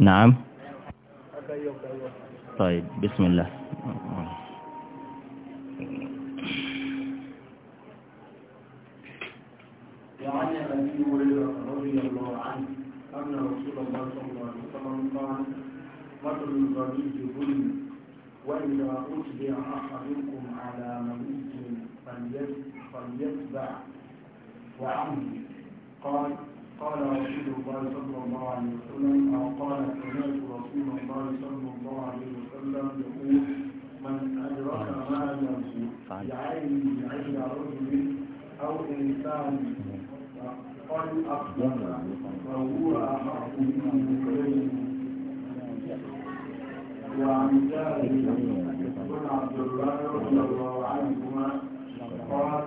نعم طيب بسم الله وعن ابي هريره رضي الله عنه ان رسول الله صلى الله عليه وسلم قال مثل الغني ظلم واذا اتبع احدكم على مبيت فليتبع وعمل قال قال رسول الله صلى الله عليه وسلم أو قال سمعت رسول الله صلى الله عليه وسلم يقول من أدرك مالا بعين عند رجل أو إنسان قد أقدر فهو أحق من كريم وعن جابر بن عبد الله رضي الله عنهما قال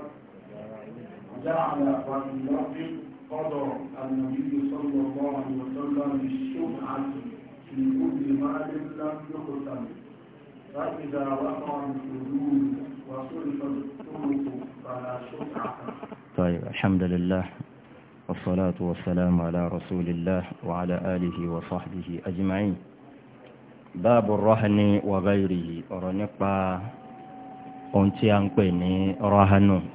جعل رجل قضى النبي صلى الله عليه وسلم الشفعة في كل مال لم يقسم فإذا وقع الحدود وصرفت الطرق فلا شفعة طيب الحمد لله والصلاة والسلام على رسول الله وعلى آله وصحبه أجمعين باب الرهن وغيره ọ̀rọ̀ nípa ohun tí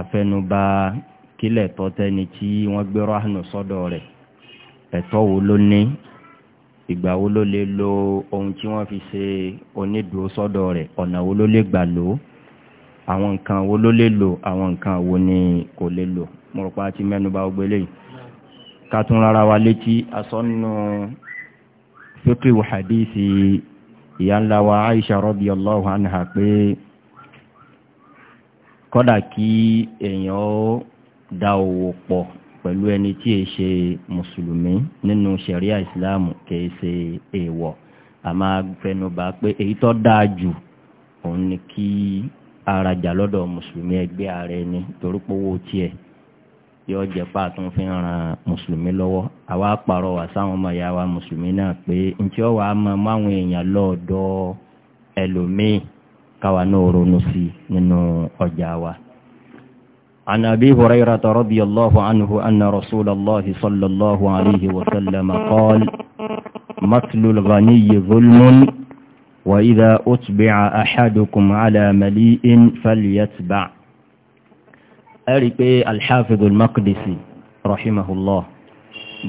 afẹnubá kílẹ̀ tọ́tẹ́ni tí wọ́n gbé ráhùnù sọ́dọ̀ rẹ̀ ẹ̀tọ́ wo ló ní ìgbà wo ló lè lo ohun tí wọ́n fi ṣe onídùú sọ́dọ̀ rẹ̀ ọ̀nà wo ló lè gbà lò ó àwọn nǹkan wo ló lè lò àwọn nǹkan wo ni kò lè lò mo rò pé a ti mẹ́nubà gbogbo eléyìí ká tún rárá wa létí asọ́nù fíkì wàhádìí sí wa Aisha radiyallahu anha pé kọ́dà kí èèyàn ó da owó pọ̀ pẹ̀lú ẹni tí è ṣe mùsùlùmí nínú ṣẹ̀ríà ìsìláàmù kìí ṣe èèwọ̀ a máa fẹnubà pé èyí tó dáa jù òun ni kí arajà lọ́dọ̀ mùsùlùmí ẹgbẹ́ ara ẹni torí pówó tiẹ̀ yóò jẹ́ pa àtún fi ran mùsùlùmí lọ́wọ́ àwa pàrọ̀ wà sáwọn ọmọ ìyá wa mùsùlùmí náà pé ntí ọ̀wà máa mú àwọn èèyàn lọ́ọ̀dọ̀ ẹlòmíì káwa náà ronú sí nínú ọjà wa. عن أبي هريرة رضي الله عنه أن رسول الله صلى الله عليه وسلم قال مثل الغني ظلم وإذا أتبع أحدكم على مليء فليتبع ẹ̀rí pé alḥafidu makdisi rahimahullah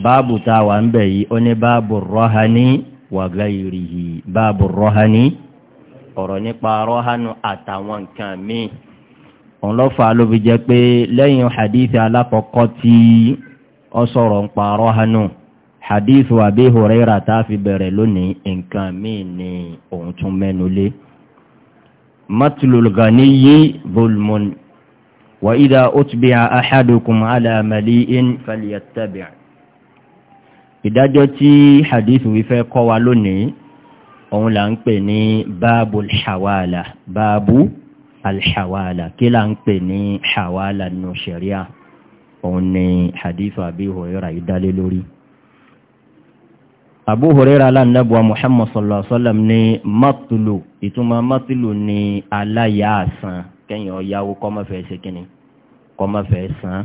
báàbù táwa ń bẹ̀ ó ní báàbù rọ́hání wà gáyìrìhì báàbù rọ́hání ọ̀rọ̀ nípa rọ́hánù àtàwọn nǹkan míì òun ló fà á ló fi jẹ́ pé lẹ́yìn hadith alákọ̀ọ́kọ́ tí ó sọ̀rọ̀ ń pa rọ́hánù hadith Abi Huraira tá a fi bẹ̀rẹ̀ lónìí nǹkan míì ni òun tún mẹ́nu lé matlul ghaniyi zulmun wa idha utbi'a ahadukum ala mali'in falyattabi' ìdájọ́ tí hadith wí fẹ́ kọ́ wa lónìí òun là ń pè ní báàbù alhawala báàbù alhawala kí là ń pè ní hawala nù ṣẹ̀ríà òun ni hadithu àbí hòrera ìdálé lórí àbú hòrera alánàbùwa muhammad sallallahu alaihi wasallam ní mátùlù ìtumọ̀ mátùlù ní aláyà àsán kẹ́yìn ọ̀yáwó kọ́mọ́fẹ́ ṣe kínní kọ́mọ́fẹ́ san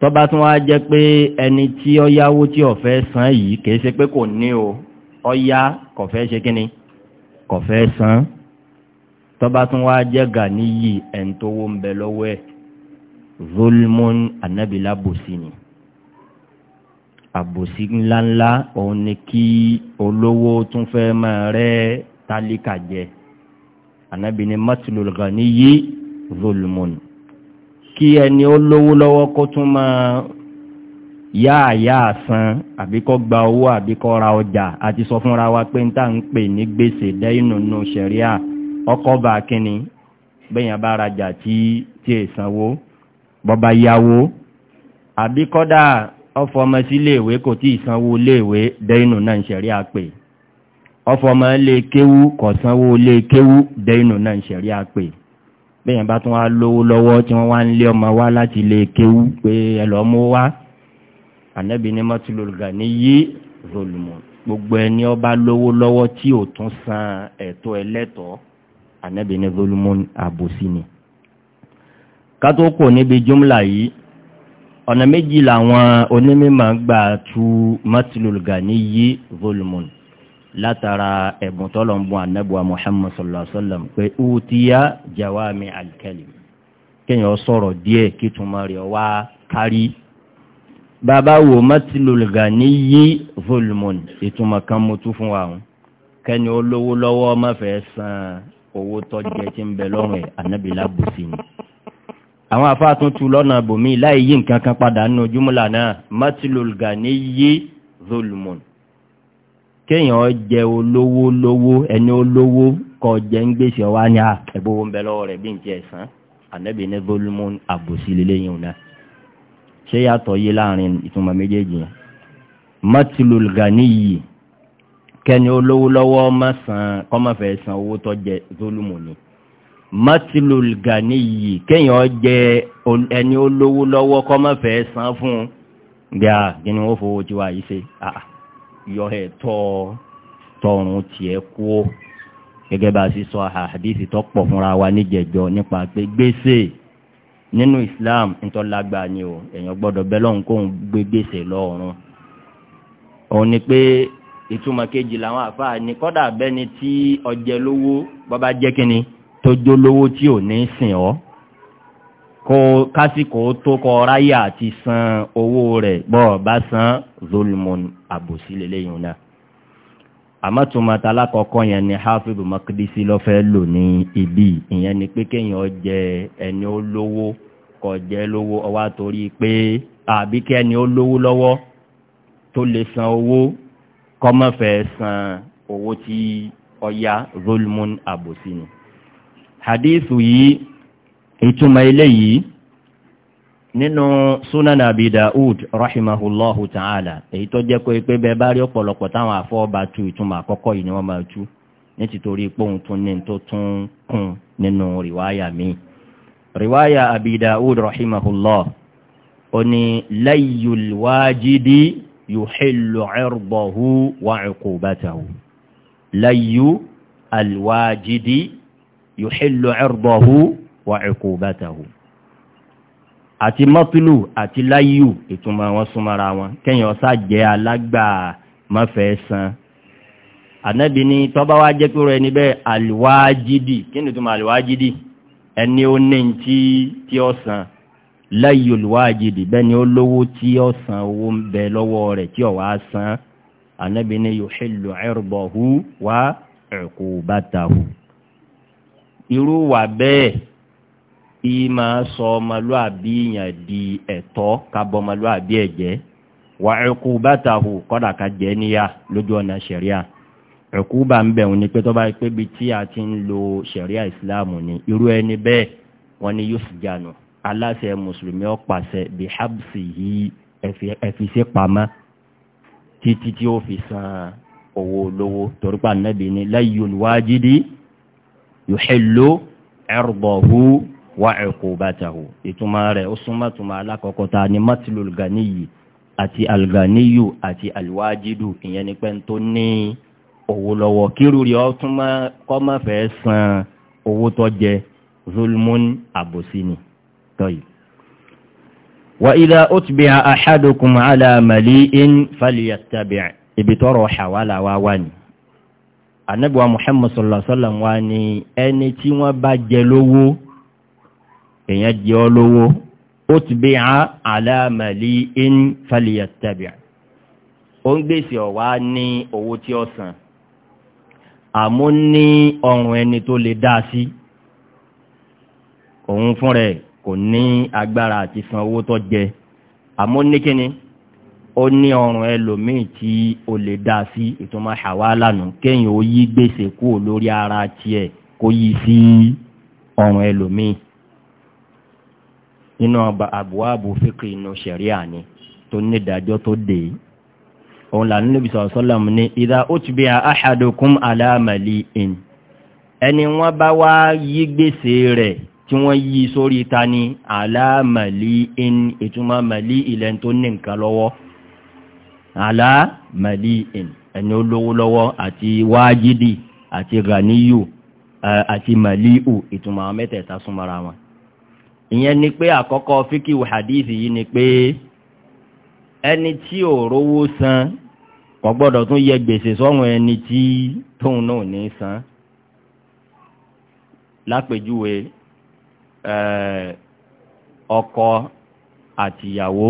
tọ́ba tún wá jẹ́ pé ẹni tí ọ̀yáwó tí ọ̀fẹ́ san yìí kìí ṣe pé kò ní o ọya kò fẹ́ ṣe kíni kò fẹ́ san tọ́ba tún wá jẹ́ gani yìí ẹ̀ń tó wó ń bẹ lọ́wọ́ ẹ̀ zulmun anabila bòsí ni àbòsí ńláńlá òun ni kí olówó tún fẹ́ máa rẹ́ tálíkà jẹ anabi ni matlul ganiyi zulmun kí ẹni olówó lọ́wọ́ kó tún máa yáà yáà san àbí kọ́ gba owó àbí kọ́ ra ọjà àti sọ fúnra wa pé ń tà ń pè ní gbèsè dẹ́yìn nínú ṣẹ̀ríà ọkọ̀ bá kíni bẹ́yàn bá rajà tí tí èsanwó bọ́bá yáwó àbí kọ́dà ọfọ ọmọ sí léèwé kò tí ìsanwó léèwé dẹ́yìn nínú ṣẹ̀ríà pè ọfọ lè kéwú kò sanwó lè kéwú dẹ́yìn nínú ṣẹ̀ríà pè bẹ́yàn bá tún wá lówó lọ́wọ́ tí wọ́n wá ń lé ọmọ wá láti lè kéwú pé ẹlọ́mú wá ànábì ní mọ́tìlúl ganiyi zulmu gbogbo ẹni ọba lówó lọ́wọ́ tí ò tún san ẹ̀tọ́ ẹlẹ́tọ̀ọ́ ànábì ní zulmu àbòsí ni kátó kò níbi jumla yìí ọ̀nà méjì làwọn onímọ̀ gbà tú mọ́tìlúl ganiyi zulmu látara ẹ̀bùn tọ́lọ̀mbùn ànábùwà muhammad sallallahu alaihi wa sallam pé utiya jawami alkalim kéèyàn sọ̀rọ̀ díẹ̀ kí túmọ̀ rẹ̀ wá kárí bàbá wò mọ́tìlùgà ní yí volmon ìtumọ̀ kan mo tún fún wa hùn kẹ́ni olówó lọ́wọ́ má fẹ́ san owó tọ́jẹ́ tí ń bẹ lọ́rùn ẹ̀ ànábìlá bùsì ni àwọn afáàtún tu lọ́nà bòmí láì yí nǹkan kan padà nínú júmùlà náà mọ́tìlùgà yí volmon kéèyàn jẹ olówó lówó ẹni olówó kọ jẹ ń gbèsè wa ní àtẹ̀bówó ń bẹ lọ́wọ́ rẹ̀ bí n jẹ ẹ̀sán ànábìlá volmon àbòsí lélẹ́yìn náà ṣé yàtọ̀ yé láàrin ìtumọ̀ méjèèjì yẹn matilul ganiyi kẹni olówó lọ́wọ́ má san kọ́mọ̀fẹ́ san owó tó jẹ zulumu ni matilul ganiyi kéèyàn jẹ ẹni olówó lọ́wọ́ kọ́mọ̀fẹ́ san fún un gbà kí ni wọ́n fowó yìí ṣe yọ ẹ̀ tọ́ tọrùn tiẹ̀ kú gẹ́gẹ́ bá a àdìsí tó fúnra wa níjẹ̀jọ nípa pé gbèsè nínú islam ntọ́lágbà ni o èèyàn gbọ́dọ̀ bẹ́ẹ̀ lọ́hùn kóun gbé gbèsè lọ́rùn òun ni pé ìtumọ̀ kejì làwọn àfáà ní kọ́dà bẹ́ni tí ọjẹ́ lówó bọ́bá jẹ́ kínni tó jó lówó tí ò ní sìn ọ́ kó kásìkò tó kọ ráyà àti san owó rẹ̀ bọ́ọ̀ bá san zulmun àbòsí lélẹ́yìn náà àmọ́túnmọ́ta alákọ̀ọ́kọ́ yẹn ni hafibu makidisi lọ́fẹ́ lò ní ibi ìyẹn ni pé kéèyàn jẹ ẹni ó lówó kò jẹ lówó ọwá torí pé àbí kí ó lówó lọ́wọ́ tó lè san owó kọ́mọ́fẹ́ san owó tí ọya zulmun abosini. hadithu yìí ìtumọ̀ eléyìí nínú sunan abi daud rahimahullahu ta'ala èyí tó jẹ́ pé pé bẹ́ẹ̀ bá rí ọ̀pọ̀lọpọ̀ táwọn afọ́ọba tu ìtumọ̀ àkọ́kọ́ yìí ni wọ́n máa tú ní títorí póhùn tún ní tó tún kún nínú rìwáyà mi rìwáyà abi daud rahimahullah ó ní àti mọ́pílù àti láyíù ìtumọ̀ wọn súnmọ́ra wọn kẹ́yìn ọ̀sá jẹ́ alágbà mọ́fẹ́ san ànábì ní tọ́bá wá jẹ́ pé rẹ̀ níbẹ̀ àlìwájídì kí ni ìtumọ̀ àlìwájídì ẹni ó ní tí tí ó san láyíù àlìwájídì bẹ́ẹ̀ ni ó lówó tí ó san owó ń bẹ lọ́wọ́ rẹ̀ tí ó wá san ànábì ní yuhillu irbahu wa uqubatahu irú wà bẹ́ẹ̀ ìyí máa sọ ọmọlúàbí yàn di ẹ̀tọ́ kábọ̀ ọmọlúàbí ẹ̀jẹ́ wà ẹ̀kú bàtàhù kọ́dà ká jẹ́ níyà lójú ọ̀nà ṣẹ̀ríà ẹ̀kú bá ń bẹ̀rù ni pé tó bá pé bí tí a ti ń lo ṣẹ̀ríà ìsìláàmù ni irú ẹni bẹ́ẹ̀ wọ́n ní yóò sì jànù aláṣẹ mùsùlùmí ọ̀pàṣẹ bí habsi yìí ẹ̀fiṣẹ́ pamọ́ títí tí ó fi san owó olówó torípa nàbì ni láyé olùwájídì yòhèlò wà ẹ̀kọ́ bàtàwò ìtumọ̀ rẹ̀ ó súnmọ́ tuma alákọ̀ọ́kọ́ ta ni mọ́tìlù alganiyi àti alganiyu àti alwajidu ìyẹn ni pé tó ní owó lọ́wọ́ kírú rí ọ tún kọ́ má fẹ́ san owó tó jẹ zulmun àbòsí ni tọ́yì. wa idha utbi'a ahadukum ala mali'in falyattabi' ibi tọrọ hawala wa wá ni anabiwa muhammad sallallahu alaihi wa ni ẹni tí wọ́n bá jẹ lówó èèyàn jẹ ọ lówó ó ti bí a aláàmàlì in fàlìyà tàbíà ó ń gbèsè ọ̀wá ní owó tí ó san àmú ní ọrùn ẹni tó lè dá sí òun fún rẹ̀ kò ní agbára àti san owó tó jẹ àmú ní kíni ó ní ọrùn ẹlòmíì tí ó lè dá sí ìtumọ̀ hawala nù kéèyàn ó yí gbèsè kúrò lórí ara tiẹ̀ kó yí sí ọrùn ẹlòmíì nínú àbúwáàbù fíkì inú ṣẹ̀ríà ni tó nídàájọ́ tó dé òun là níbi sọ̀sọ́lọ̀m ní ìdá ó ti bí i àhàdùkún aláàmàlì in ẹni wọ́n bá wá yí gbèsè rẹ̀ tí wọ́n yí sórí ta ni aláàmàlì in ìtumọ̀ màlì ilẹ̀ tó ní nǹkan lọ́wọ́ aláàmàlì in ẹni olówó lọ́wọ́ àti wájídì àti ganiyu eh, àti màlì ìtumọ̀ mẹ́tẹ̀ẹ̀ta súnmọ́ra wọn ìyẹn ni pé àkọ́kọ́ fíkìwù hadith yìí ni pé ẹni tí ò rówó san kò gbọ́dọ̀ tún yẹ gbèsè sọ́run ẹni tí tóun náà ní san lápèjúwe eh, ọkọ àtìyàwó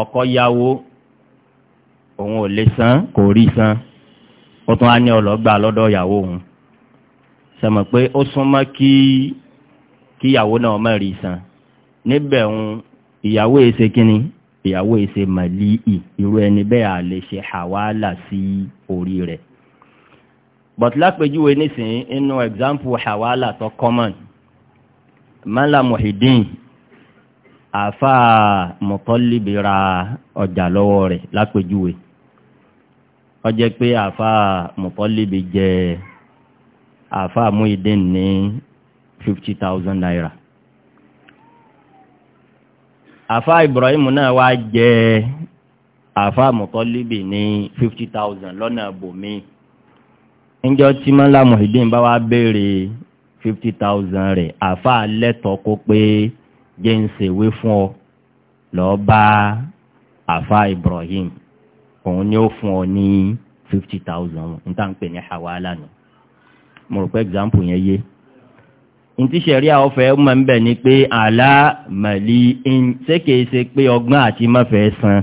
ọkọ yáwó òun ò lè san kò rí san ó tún á ní ọlọ́gbà lọ́dọ̀ ìyàwó òun sẹ́mọ̀ pé ó súnmọ́ kí kí ìyàwó náà má rí san níbẹ̀ ń ìyàwó èsè kínní ìyàwó èsè màlíì irú ẹni bẹ́ẹ̀ à lè ṣe hàwálà sí orí rẹ̀ but lápèjúwe nísìnyí inú example hàwálà tó common mala muhidin àfa mọ̀tọ́líbi ra ọjà lọ́wọ́ rẹ̀ lápèjúwe ó jẹ́ pé àfa mọ̀tọ́líbi jẹ àfa muhidin ní fifty thousand naira. àfa Ibrahim náà wá jẹ àfa mọ̀kọ́líbì ní fifty thousand lọ́nà àbòmí. ńjọ́ tí mọ́lá Muhyiddin bá wá béèrè fifty thousand rẹ̀ àfa lẹ́tọ̀ọ́ kó pé jẹ́ ń ṣèwé fún ọ lọ́ọ́ bá àfa Ibrahim òun ni ó fún ọ ní fifty thousand n tá ní hawala nù mo rò pé example yẹn yé ntí sẹ̀ríà ọ̀fẹ́ mọ̀ ń bẹ̀ ni pé àlámàlì ń ṣé kìí ṣe pé ọgbọ́n àti mọ̀fẹ́ san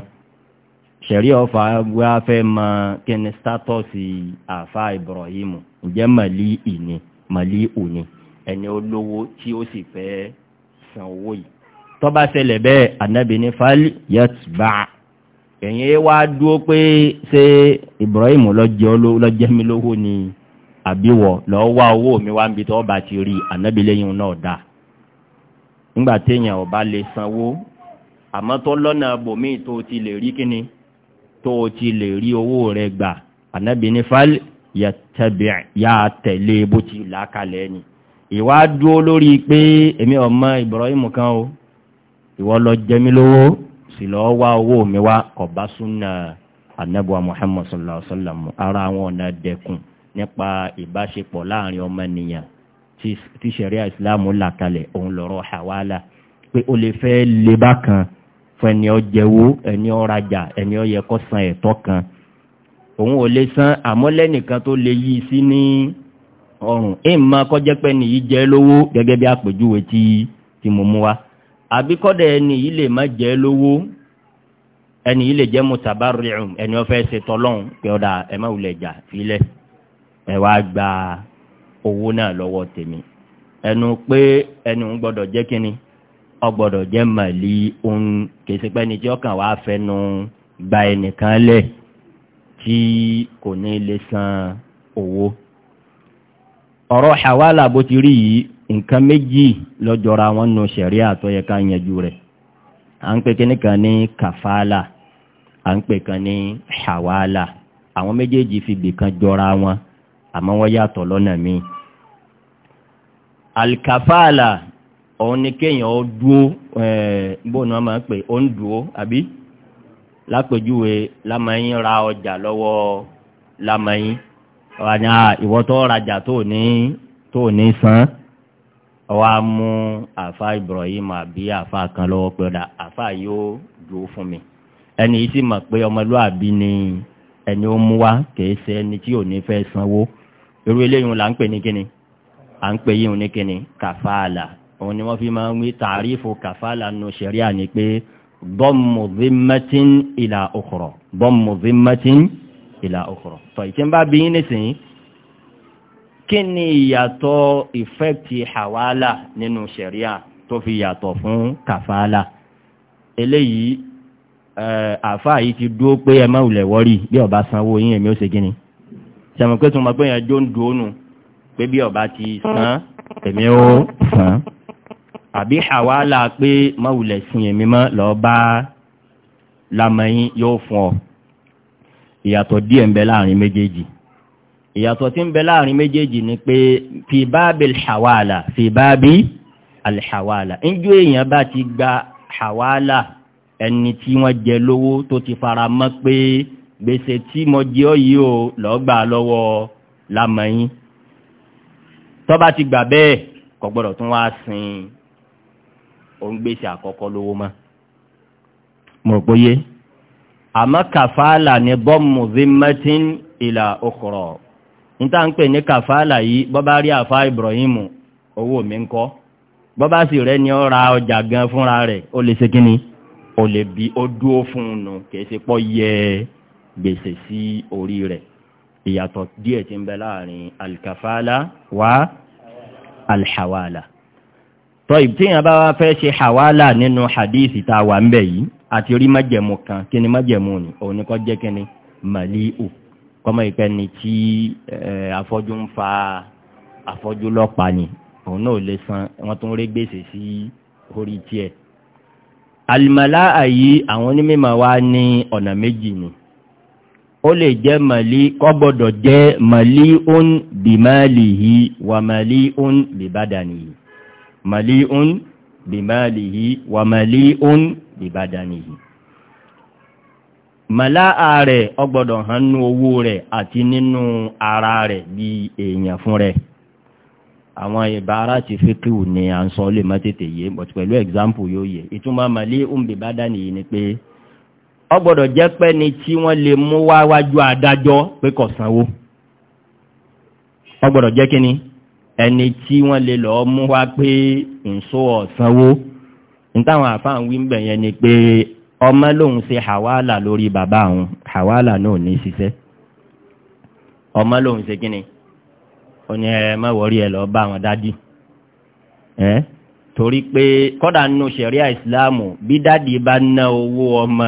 sẹ̀ríà ọ̀fà wa fẹ́ mọ kíni sítátọ̀sì àfa Ibrahim ǹjẹ́ màlì ìní màlì òní ẹni olówó tí ó sì fẹ́ san owó yìí tó bá ṣẹlẹ̀ bẹ́ẹ̀ ànábì ní fali yatba wá dúró pé ṣé Ibrahim ló ni àbíwọ̀ lọ́ọ́ wá owó mi wá ń bi tó bá ti rí ànábì lẹ́yìn náà dá nígbà téèyàn ò bá lè sanwó àmọ́ tó lọ́nà bòmíì tó ti lè rí kíni tó ti lè rí owó rẹ̀ gbà ànábì ní fáìlì yà tẹ̀lé bó ti là kalẹ̀ ni ìwà dúró lórí pé èmi ọmọ Ibrahim kan o ìwọ lọ jẹ lówó sì lọ wá owó mi wá kò bá súnà ànábì wa sallallahu alaihi wa sallam ara àwọn ọ̀nà dẹkùn nípa ìbáṣepọ̀ láàrin ọmọnìyàn tí sẹ̀ríà ìsìláàmù là kalẹ̀ òun lọ́rọ̀ hawala pé o lè fẹ́ le bákan fún ẹni ọjẹ́wó ẹni ọrajà ẹni ọyẹ kó san ẹ̀tọ́ kan òun ò lè san àmọ́ lẹ́nìkan tó lè yí sí ní ọrùn ìmọ̀ kọjẹ́ pé nìyí jẹ́ lówó gẹ́gẹ́ bí àpèjúwe tí tí mo mú wá àbí kọ́dà ẹni yìí lè má jẹ́ lówó ẹni yìí lè jẹ́ mùsàbárìrùn ẹni ó fẹ́ ṣe tọ́lọ́hún ẹ wá gba owó náà lọ́wọ́ tèmi ẹnu pé ẹnu gbọ́dọ̀ jẹ́ kínní ọ gbọ́dọ̀ jẹ́ màlí ohun kèsìpẹ́ ni tí ọkàn wàá fẹnu gba ẹnìkan lẹ̀ tí kò ní lè san owó ọ̀rọ̀ hawala bó ti rí yìí nǹkan méjì lọ́jọ́ra wọn nù ṣẹ̀ríà tó yẹ ká yanjú rẹ̀ à ń pè kíní kan ní kàfàlà à ń pè kan ní hawala àwọn méjèèjì fi bìkan jọra wọn. àmọ́ wọ́n yàtọ̀ lọ́nà mi. alkafala òun ni kéèyàn ó dúó eh, bóun máa ń pè ó ń dúó àbí lápèjúwe lamẹ́yìn ra ọjà lọ́wọ́ lamẹ́yìn ọ̀rànà ah, ìwọ́tọ́ rajà tó ní tó ní san ọwọ́ á mú àfa Ibrahim àbí àfa kan lọ́wọ́ pé ọ̀dà àfa yóò dúó fún mi ẹni yìí sì mọ̀ pé ọmọlúwàbí ni ẹni ó mú wá kìí ṣe ẹni tí ò ní fẹ́ sanwó irú eléyìí là ń pè ní kíni à ń pè yíyún ní kíni kàfàlà òun ni wọ́n fi máa ń wí tààrífù kàfàlà nù ṣẹ̀ríà ni pé bọ́ọ̀mù zimmatin ìlà ukhra bọ́ọ̀mù zimmatin ìlà ukhra tọ́ ìtí ń bá bí yín nísìnyí kí ni ìyàtọ̀ ìfẹ́kti hawala nínú ṣẹ̀ríà tó fi yàtọ̀ fún kàfàlà eléyìí àfáà yìí ti dúó pé ẹ má wulẹ̀ wọ́rí bí ọba sanwó yín èmi ó ṣe gíní sẹ̀mọ̀ pé tún mọ̀ pé yẹn jó ń dùn ónù pé bí ọba ti san èmi ó san àbí àwàlà pé mọ̀wùlẹ̀ sin èmi mọ́ lọ́ọ́ bá lamẹ́yìn yóò fún ọ ìyàtọ̀ díẹ̀ ń bẹ láàrin méjèèjì ìyàtọ̀ tí ń bẹ láàrin méjèèjì ni pé fi báàbí alhàwàlà fi báàbí alhàwàlà ńjọ́ èèyàn bá ti gba hàwàlà ẹni tí wọ́n jẹ lówó tó ti fara mọ́ pé gbèsè tí mo jẹ ọ yìí o lọ́ọ́ gbà lọ́wọ́ lamọ̀yìn tọ́ba ti gbà bẹ́ẹ̀ kò gbọ́dọ̀ tún wá sin òun gbèsè àkọ́kọ́ lówó mọ́ mo rò pé yé àmọ́ kàfàálà ni bọ́ọ̀mù zimmatin ìlà okòrò níta ń pè ní kàfàálà yìí bọ́bá rí àfa Ibrahim owó mi ń kọ́ bọ́bá sì rẹ ni ó ra ọjà gan fúnra rẹ̀ ó lè ṣe kí ni ó lè bí ó dúó fún un nù kì í ṣe pọ́ yẹ ẹ́ gbèsè sí orí rẹ̀ ìyàtọ̀ díẹ̀ tí ń bẹ láàrin alkafala wa alhawala tọ́ ìbtíyàn bá wá fẹ́ ṣe hawala nínú hadithi ta wà ń bẹ̀ yìí àti orí májẹ̀mú kan kí ni májẹ̀mú ni òun ni kọ́ jẹ́ kí ni màlíù kọ́mọ ìpẹ́ ni tí eh, afọ́jú ń fa afọ́jú lọ́pàá ni òun náà lè san wọ́n tún rí gbèsè sí orí tiẹ̀ alìmọ̀lá àyí àwọn onímọ̀ wa ní ọ̀nà méjì ni ó lè jẹ́ màlí kọ́gbọ́dọ̀ jẹ́ màlí ún bí máàlì yìí wà màlí ún bí bádàní yìí màlí ún bí máàlì yìí wà màlí ún bí bádàní yìí màláà rẹ̀ ọgbọ́dọ̀ hannú owó rẹ̀ àti nínú ara rẹ̀ bí èèyàn fún rẹ̀ àwọn ìbára ti fíkìwù ni à ń sọ lè má tètè yé but pẹ̀lú example yóò yẹ ìtumọ̀ màlí ún bí bádàní yìí ó gbọ́dọ̀ jẹ́ pé ni tí wọ́n lè mú wá wájú adájọ́ pé kò sanwó ó gbọ́dọ̀ jẹ́ kí ni ẹni tí wọ́n lè lọ mú wá pé ǹso ọ̀sanwó nítawọ̀n àfáà ń wí ń bẹ̀yẹn ni pé ọmọ lòun ṣe hàwálà lórí bàbá àwọn hàwálà náà ní ṣiṣẹ́ ọmọ lòun ṣe kí ni ó ní ẹ mọ́wọ́rí ẹ lọ bá àwọn dádì torí pé kọ́dà nù ṣẹ̀ríà ìsìláàmù bí dádì bá ná owó ọmọ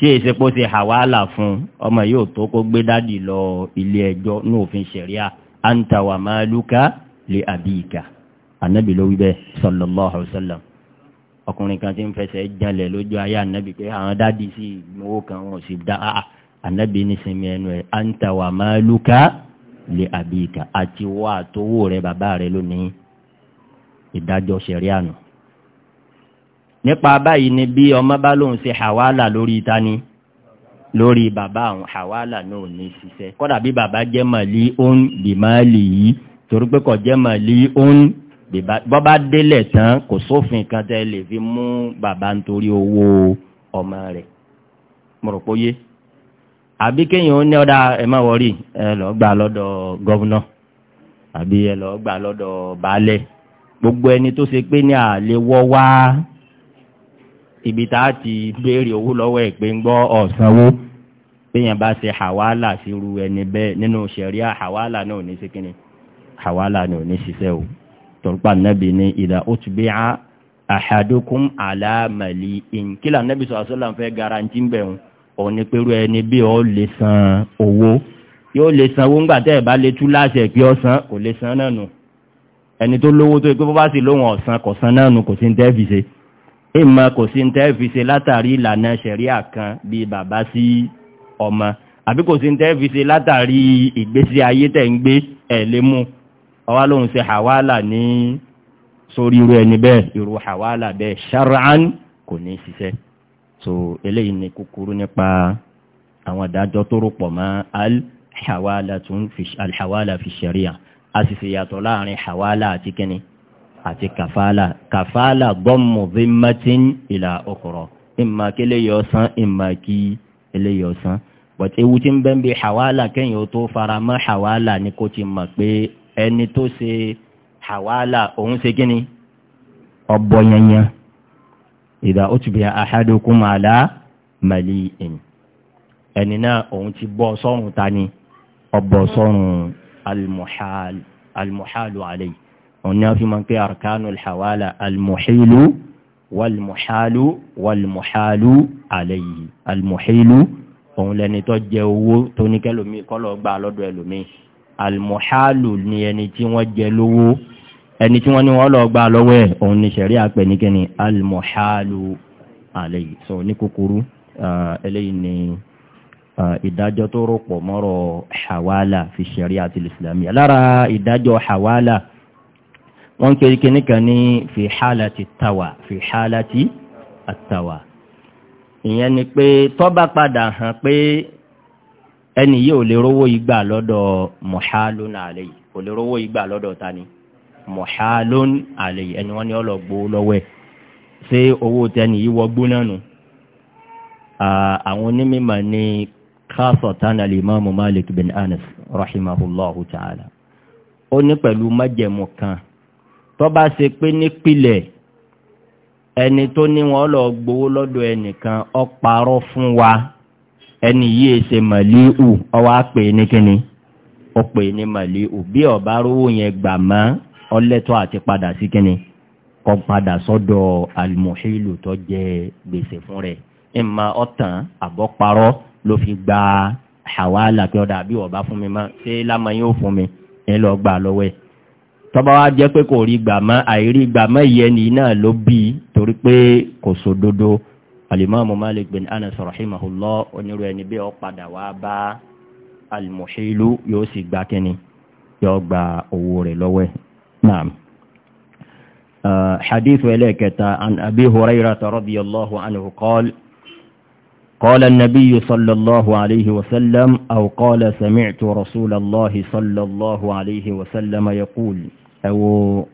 tí èsì pé ó ti hàwálà fún ọmọ yóò tó kó gbé dádì lọ ilé ẹjọ́ ní òfin ṣẹ̀ríà anta wa maluka li abika anabi ló wí bẹ́ẹ̀ sallallahu alayhi sallam ọkùnrin kan ti ń fẹsẹ̀ jalẹ̀ lójú ayé anabi pé àwọn dádì sí ìgbìmọ̀wó kan wọn sì dá a ah, anabi ah. ní sinmi ẹnu ẹ anta wa maluka li abika àti wọ́n àtọwọ́ rẹ bàbá rẹ lónìí ìdájọ́ ṣẹ̀ríà nù nípa báyìí ni bí ọmọ bá lóun ṣe hàwálà lórí ìtaní lórí bàbá àwọn hàwálà náà ní ṣiṣẹ́ kọ́dà bí bàbá jẹ́ màlí òun bìmáàlì yìí torí pé kò jẹ́ màlí òun bọ́bá délẹ̀ tán kò sófin kan tẹ́ lè fi mú bàbá nítorí owó ọmọ rẹ̀ mọ̀rọ̀póyé àbí kéèyàn ó ní ọ̀dà ẹ má lọ́dọ̀ gọ́vnà àbí ẹ lọ́dọ̀ baálẹ̀ gbogbo ẹni tó ṣe pé ní àlewọ́ wá ibi tá a ti béèrè owó lọ́wọ́ ẹ̀ pé ń gbọ́ ọ̀sánwó bíyàn bá ṣe hàwálà sí irú ẹni bẹ́ẹ̀ nínú ṣẹ̀ríà hàwálà náà ní síkíní hàwálà náà ní ṣiṣẹ́ o torípa nẹ́bi ní ìdá ó ti bí a àhàdókún àlàmàlì ìǹkílà nẹ́bi sọ àṣọlá ń fẹ́ garanti bẹ̀ ń òun ni pẹ̀lú ẹni bí ó lè san owó yóò lè san owó ńgbà tẹ́ ẹ̀ bá lè tú láṣẹ pé ó san kò lè san náà nù ẹni tó lówó tó yẹ pé bó bá sì lóhùn ọ̀sán kọ̀ọ̀sán náà nù kò sí ní tẹ́ẹ̀fì ṣe ìmọ̀ kò sí ní tẹ́ẹ̀ fi ṣe látàrí ìlànà ṣẹ̀ríà kan bíi bàbá sí ọmọ àbí kò sí ní tẹ́ẹ̀ fi ṣe látàrí ìgbésí ayé tẹ̀ ń gbé ẹ̀ lé mú ọwá lóhun ṣe hàwálà ní sórí irú ẹni bẹ́ẹ̀ irú hàwálà bẹ́ẹ̀ ṣaraan kò ní ṣiṣẹ́ so eléyìí ni kúkúrú nípa àwọn ìdájọ́ tó rò pọ̀ mọ́ al-hawala fi ṣẹ̀ríà a sì ṣe yàtọ̀ láàrin hàwálà àti kínní àti kàfàálà kàfàálà gbọ́mù zimmatin ìlà ukhra ìmà kí eléyìí ọ̀sán ìmà kí eléyìí ọ̀sán but ewu tí ń bẹ ń bi hawala kẹ́yìn ó tó fara mọ́ hawala ni kò ti mọ̀ pé ẹni tó ṣe hawala òun ṣe kí ni ọbọ yanyan ìdá ó ti bí ahadukum ala mali'in ẹni náà òun ti bọ́ sọ́run ta ni ọbọ̀ sọ́run almuhal almuhalu alayhi ọ̀nà fi máa ń pé arkanul hawala almuhilu walmuhalu walmuhalu alayhi almuhilu òun lẹni tó jẹ owó tó ní kẹlòmí kọlọ gbà lọ́dọ̀ ẹlòmí almuhalu ni ẹni tí wọ́n jẹ lówó ẹni tí wọ́n ní wọ́n lọ gbà lọ́wọ́ ẹ̀ òun ni ṣẹ̀rí àpẹ ní kíni almuhalu alayhi so ní kúkúrú eléyìí ni ìdájọ́ tó rọ̀pọ̀ mọ́rọ̀ hawala fi ṣẹ̀rí àti lára ìdájọ́ hawala. Uh, wọ́n ń pè kíní kan ní fìhálàtì tàwà fìhálàtì àtàwà ìyẹn ni pé tọ́ba padà hàn pé ẹni yìí ò lè rówó ìgbà lọ́dọ̀ mọ̀hálón àlè yìí ò lè rówó ìgbà lọ́dọ̀ ta ni mọ̀hálón àlè yìí ẹni wọ́n ní ọlọ́gbó lọ́wọ́ ẹ̀ ṣé owó tẹni yìí wọgbó àwọn onímọ̀ ni káfọ̀tán alimami malik bin anas rahimahullahu ta'ala ó ní pẹ̀lú májẹ̀mú kan tó bá ṣe pé nípìlẹ̀ ẹni tó ní wọn lọ gbowó lọ́dọ̀ ẹnìkan ó parọ́ fún wa ẹni yìí ṣe màlíù ó wá pè ní kíni ó pè ní màlíù bí ó bá rówó yẹn gbà mọ́ ọlẹ́tọ́ àti padà sí kíni kó padà sọ́dọ̀ àlùmọ̀ṣẹ́lù tó jẹ gbèsè fún rẹ̀ ìmọ̀ ọ̀tàn àbọ̀parọ́ ló fi gba àwa làkẹ́ ọ̀dà bí ó fún mi mọ́ ṣé lámọ̀ yóò fún mi ẹ lọ gbà lọ́wọ́ ẹ̀ tọ́ba wá jẹ́ pé kò rí gbàmọ́ àìrí gbàmọ́ ìyẹni náà ló bí torí pé kò sódodo alimami malik bin anas rahimahullah onírú ẹni bí ọ padà wá bá alimuhilu yóò sì gba kíni yóò gba owó rẹ̀ lọ́wọ́ حديث إليكة عن أبي هريرة رضي الله عنه قال قال النبي صلى الله عليه وسلم أو قال سمعت رسول الله صلى الله عليه وسلم يقول ẹ wo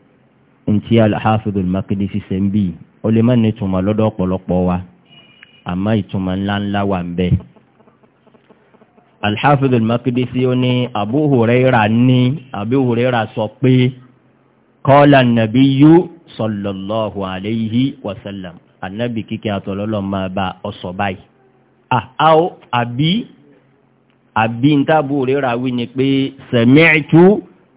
ntí al-Hafidh al-Maqdisi sẹ́ńbì ó lè má ní ìtumọ̀ lọ́dọ̀ ọ̀pọ̀lọpọ̀ wa àmọ́ ìtumọ̀ ńláńlá wà ń bẹ. al-Hafidh al-Maqdisi ó ní Abu Huraira ní Abu Huraira sọ pé kọ́lá nàbíyú sallallahu alayhi wa sallam anabi kíkẹ́ àtọ̀lọ́lọ́ máa bá ọsọ báyìí. Ah, àbí àbí ntàbù rẹ̀ wí ni pé sami'tu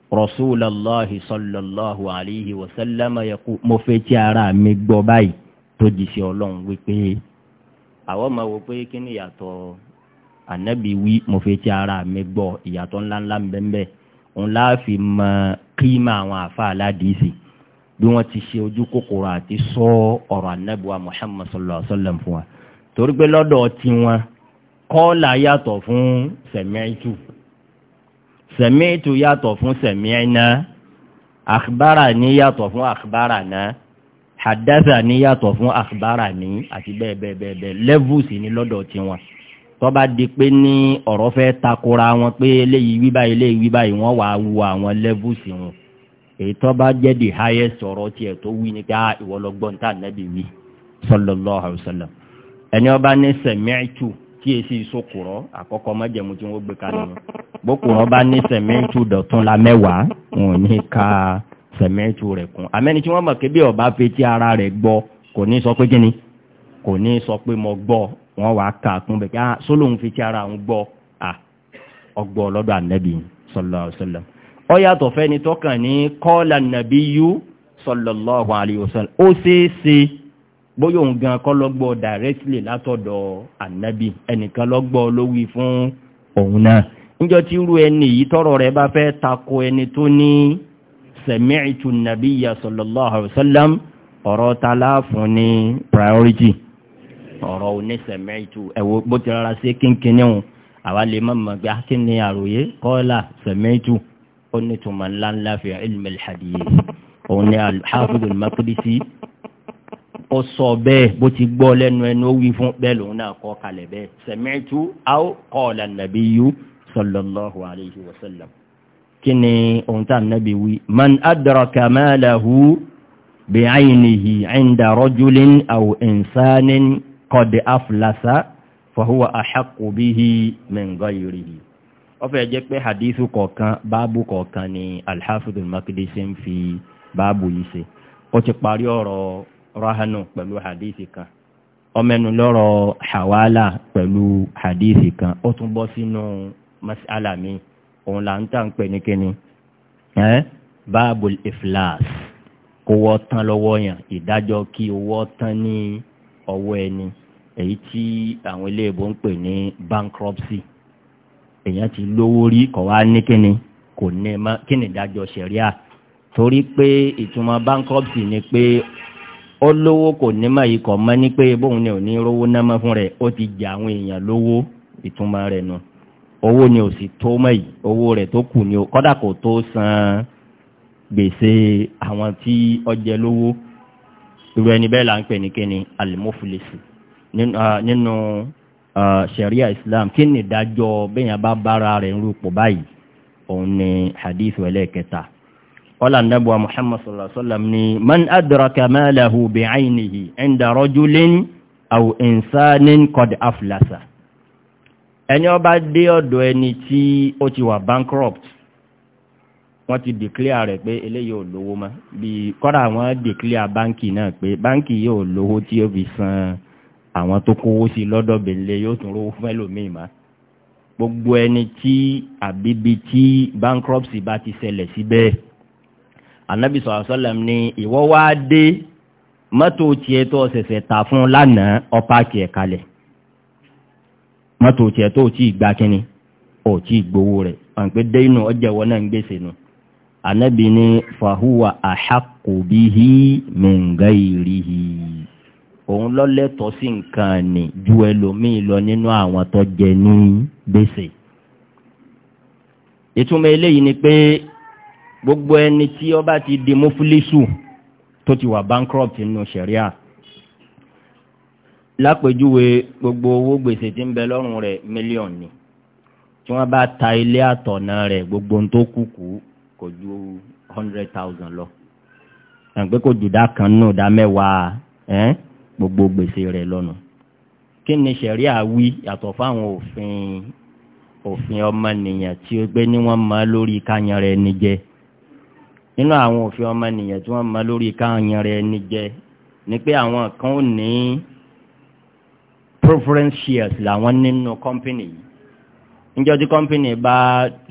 rasulallah sallallahu alayhi wa sallam mo fẹ́ tí ara mi gbọ́ báyìí tó di sí ọlọ́run wípé àwọn máa wò pé kí ni ìyàtọ̀ ànábì wí mo fẹ́ tí ara mi gbọ́ ìyàtọ̀ ńláńlá ńbẹ́ńbẹ́ òun láàfi mọ kíma àwọn àfa aládìísì bí wọ́n ti ṣe ojú kòkòrò àti sọ ọ̀rọ̀ ànábì wa muhammad sallallahu fún wa torí pé lọ́dọ̀ tiwọn kọ́ọ̀là yàtọ̀ fún sẹ̀mẹ́ntù sẹ̀mẹ́ẹ̀tù yàtọ̀ fún sẹ̀mẹ́ẹ̀nà àkbára ní yàtọ̀ fún àkbára náà hadaza ní yàtọ̀ fún àkbára ní àti bẹ́ẹ̀ bẹ́ẹ̀ bẹ́ẹ̀ bẹ́ẹ̀ levels ní lọ́dọ̀ tiwọn tó bá di pé ní ọ̀rọ̀ fẹ́ takora wọn pé eléyìí wí báyìí eléyìí wí báyìí wọ́n wàá wo àwọn levels wọn èyí tó tí èsì ìsokùrọ̀ àkọ́kọ́ májẹ̀mú tí wọ́n gbé kalẹ̀ wọn. bókùrọ̀ bá ní sẹ̀mẹ́ntù dọ̀tún la mẹ́wàá wọn ò ní ka sẹ̀mẹ́ntù rẹ̀ kún. àmẹ́ni tí wọ́n mọ̀ kébí ọ̀bá fetí ara rẹ̀ gbọ́ kò ní sọ pé kí ni kò ní sọ pé mo gbọ́ wọn wàá kà á kún bẹ́ẹ̀ kí á ah, fetí ara òun gbọ́ à ah, ọgbọ́ lọ́dọ̀ ànẹ́bí sallallahu alaihi ọ yàtọ̀ fẹ́ni tọ́kàn ní kọ́ọ̀lá nàbíyú sallallahu alaihi wasallam ó ṣeé ṣe bóyá òun gan kọ́ lọ́gbọ́ directly látọ̀dọ̀ ànábì ẹnìkan lọ́gbọ́ ló wí fún òun náà níjọ tí irú ẹni yìí tọrọ rẹ bá fẹ́ tako ẹni tó ní sẹ̀mẹ́ẹ̀tù nàbí ya sallallahu alaihi wasallam ọ̀rọ̀ ta láàfún ní priority ọ̀rọ̀ òní sẹ̀mẹ́ẹ̀tù ẹ̀wọ́ bó ti rárá sí kínkínní hùn àwa lè má mọ̀ gbé akínní ah, àròyé kọ́lá sẹ̀mẹ́ẹ̀tù ó ní tùmọ̀ ńláńlá fi ilmi al-hadith òun ní al-Hafiz ó sọ bẹ́ẹ̀ bó ti gbọ́ lẹ́nu ẹnu ó wí fún bẹ́ẹ̀ lòun náà kọ́ kalẹ̀ bẹ́ẹ̀ sami'tu aw qala an-nabiyyu sallallahu alayhi wa sallam kí ni ohun tá nàbí wí man adraka malahu bi'aynihi 'inda rajulin aw insanin qad aflasa fahuwa ahaqqu bihi min ghayrihi ó fẹ́ jẹ́ pé hadithu kọ̀ọ̀kan báàbù kọ̀ọ̀kan ni al-Hafidh ń fi báàbù yìí ṣe ó ti parí ọ̀rọ̀ rahanu pẹ̀lú hadithi kan ọmẹnu lọ́rọ̀ hawala pẹ̀lú hadithi kan ó tún bọ́ sínú masala mi òun là ń tà ń pè ní kíni ẹ́ báàbùl iflas kó wọ́ tán lọ́wọ́ yàn ìdájọ́ kí owó tán ní ọwọ́ ẹni èyí tí àwọn iléèbó ń pè ní bankruptcy èèyàn ti lówó rí kọ̀ wá ní kíni kò ní ma kíni ìdájọ́ ṣẹ̀ríà torí pé ìtumọ̀ bankruptcy ni pé ó lówó kò ní máa yìí kọ̀ mọ́ ní pé bóun ni ò ní rówó ná mọ́ fún rẹ̀ ó ti jẹ àwọn èèyàn lówó ìtumọ̀ rẹ̀ nù owó ni ò sì tó mọ́ owó rẹ̀ tó kù ni kọ́dà kò tó san gbèsè àwọn tí ọjẹ́ lówó irú ẹni bẹ́ẹ̀ là ń pè ní kíni alimofilisi nínú sharia islam kí ni ìdájọ́ bẹ́yàn bá bára rẹ̀ ń rúpọ̀ báyìí òun ni hadith wẹ̀lẹ́kẹta kọ́lá nàbọ̀ muhammad sallallahu alaihi wa sallam ni man adraka malahu bi ainihi inda rajulin aw insanin qad aflasa ẹni ó bá dé ọ̀dọ̀ ẹni tí ó ti wà bankrupt wọ́n ti declare rẹ̀ pé eléyìí ò lówó mọ́ bí kọ́dà wọ́n declare báńkì náà pé báńkì yóò lówó tí ó fi san àwọn tó kówó sí lọ́dọ̀ bẹ̀lẹ̀ yóò tún rówó fún ẹlòmíì mọ́ gbogbo ẹni tí àbíbi tí bankruptcy bá ti ṣẹlẹ̀ síbẹ̀ si anabi sọ̀rọ̀ sọ́lẹ̀m ni iwo wá dé mọ́tò tiẹ̀ tó ṣẹ̀ṣẹ̀ tà fún lánàá ọ̀pá tiẹ̀ kalẹ̀ mọ́tò tiẹ̀ tó tí ì gbá kínní ò tí ì gbowó rẹ̀ pàǹpẹ́ dé inú ọjà wọn náà ń gbèsè nù anabi ni fahuwa ahaqqu bihi min ghairihi òun lọ́lẹ́tọ̀ọ́ sí nǹkan ni ju ẹlòmíì lọ nínú àwọn tó jẹ ní gbèsè ìtumọ̀ eléyìí ni pé gbogbo ẹni tí ó bá ti di mufilisu tó ti wà bankrupt nínú sẹ̀ríà lápèjúwe gbogbo owó gbèsè tí ń bẹ lọ́rùn rẹ̀ mílíọ̀nù ni tí wọ́n bá ta ilé àtọ̀nà rẹ̀ gbogbo ohun tó kù kù kò ju hundred thousand lọ àgbé kò jùdá kan náà dá mẹ́wàá ẹ́n gbogbo gbèsè rẹ̀ lọ́nu kí ni sẹ̀ríà wí yàtọ̀ fáwọn òfin òfin ọmọnìyàn tí ó gbé ní wọ́n máa lórí káyanra ẹni jẹ́ nínú àwọn òfin ọmọnìyàn tí wọ́n mọ lórí káàyàn rẹ̀ ní jẹ ni pé àwọn kan ò ní preference shares làwọn nínú company yìí níjọ́ tí company bá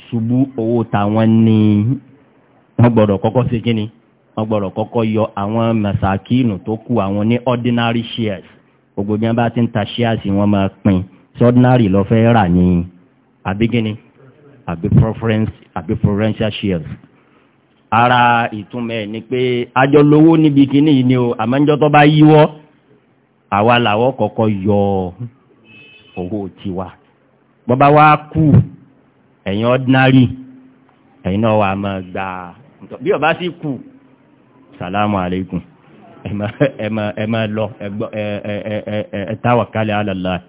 ṣubú owó tàwọn ní wọ́n gbọ́dọ̀ kọ́kọ́ ṣe kíni wọ́n gbọ́dọ̀ kọ́kọ́ yọ àwọn mẹ̀sàkínù tó kù àwọn ní ordinary shares gbogbo bí wọ́n bá ti ń ta shares wọ́n máa pín sí ordinary lọ fẹ́ rà ní àbí kíni àbí preference àbí preferential shares ara ìtumọ̀ ẹ̀ ni pé àjọ lówó níbi kíní yìí ni o àmọ́njọ́ tó bá yíwọ́ àwa làwọ́ kọ́kọ́ yọ owó tiwa bọ́bá wa kú ẹ̀yin ordinary ẹ̀yin náà wà máa gbà bí ọba sì kú salamu alaikum ẹ máa lọ ẹ tawakkalẹ̀ ala Allah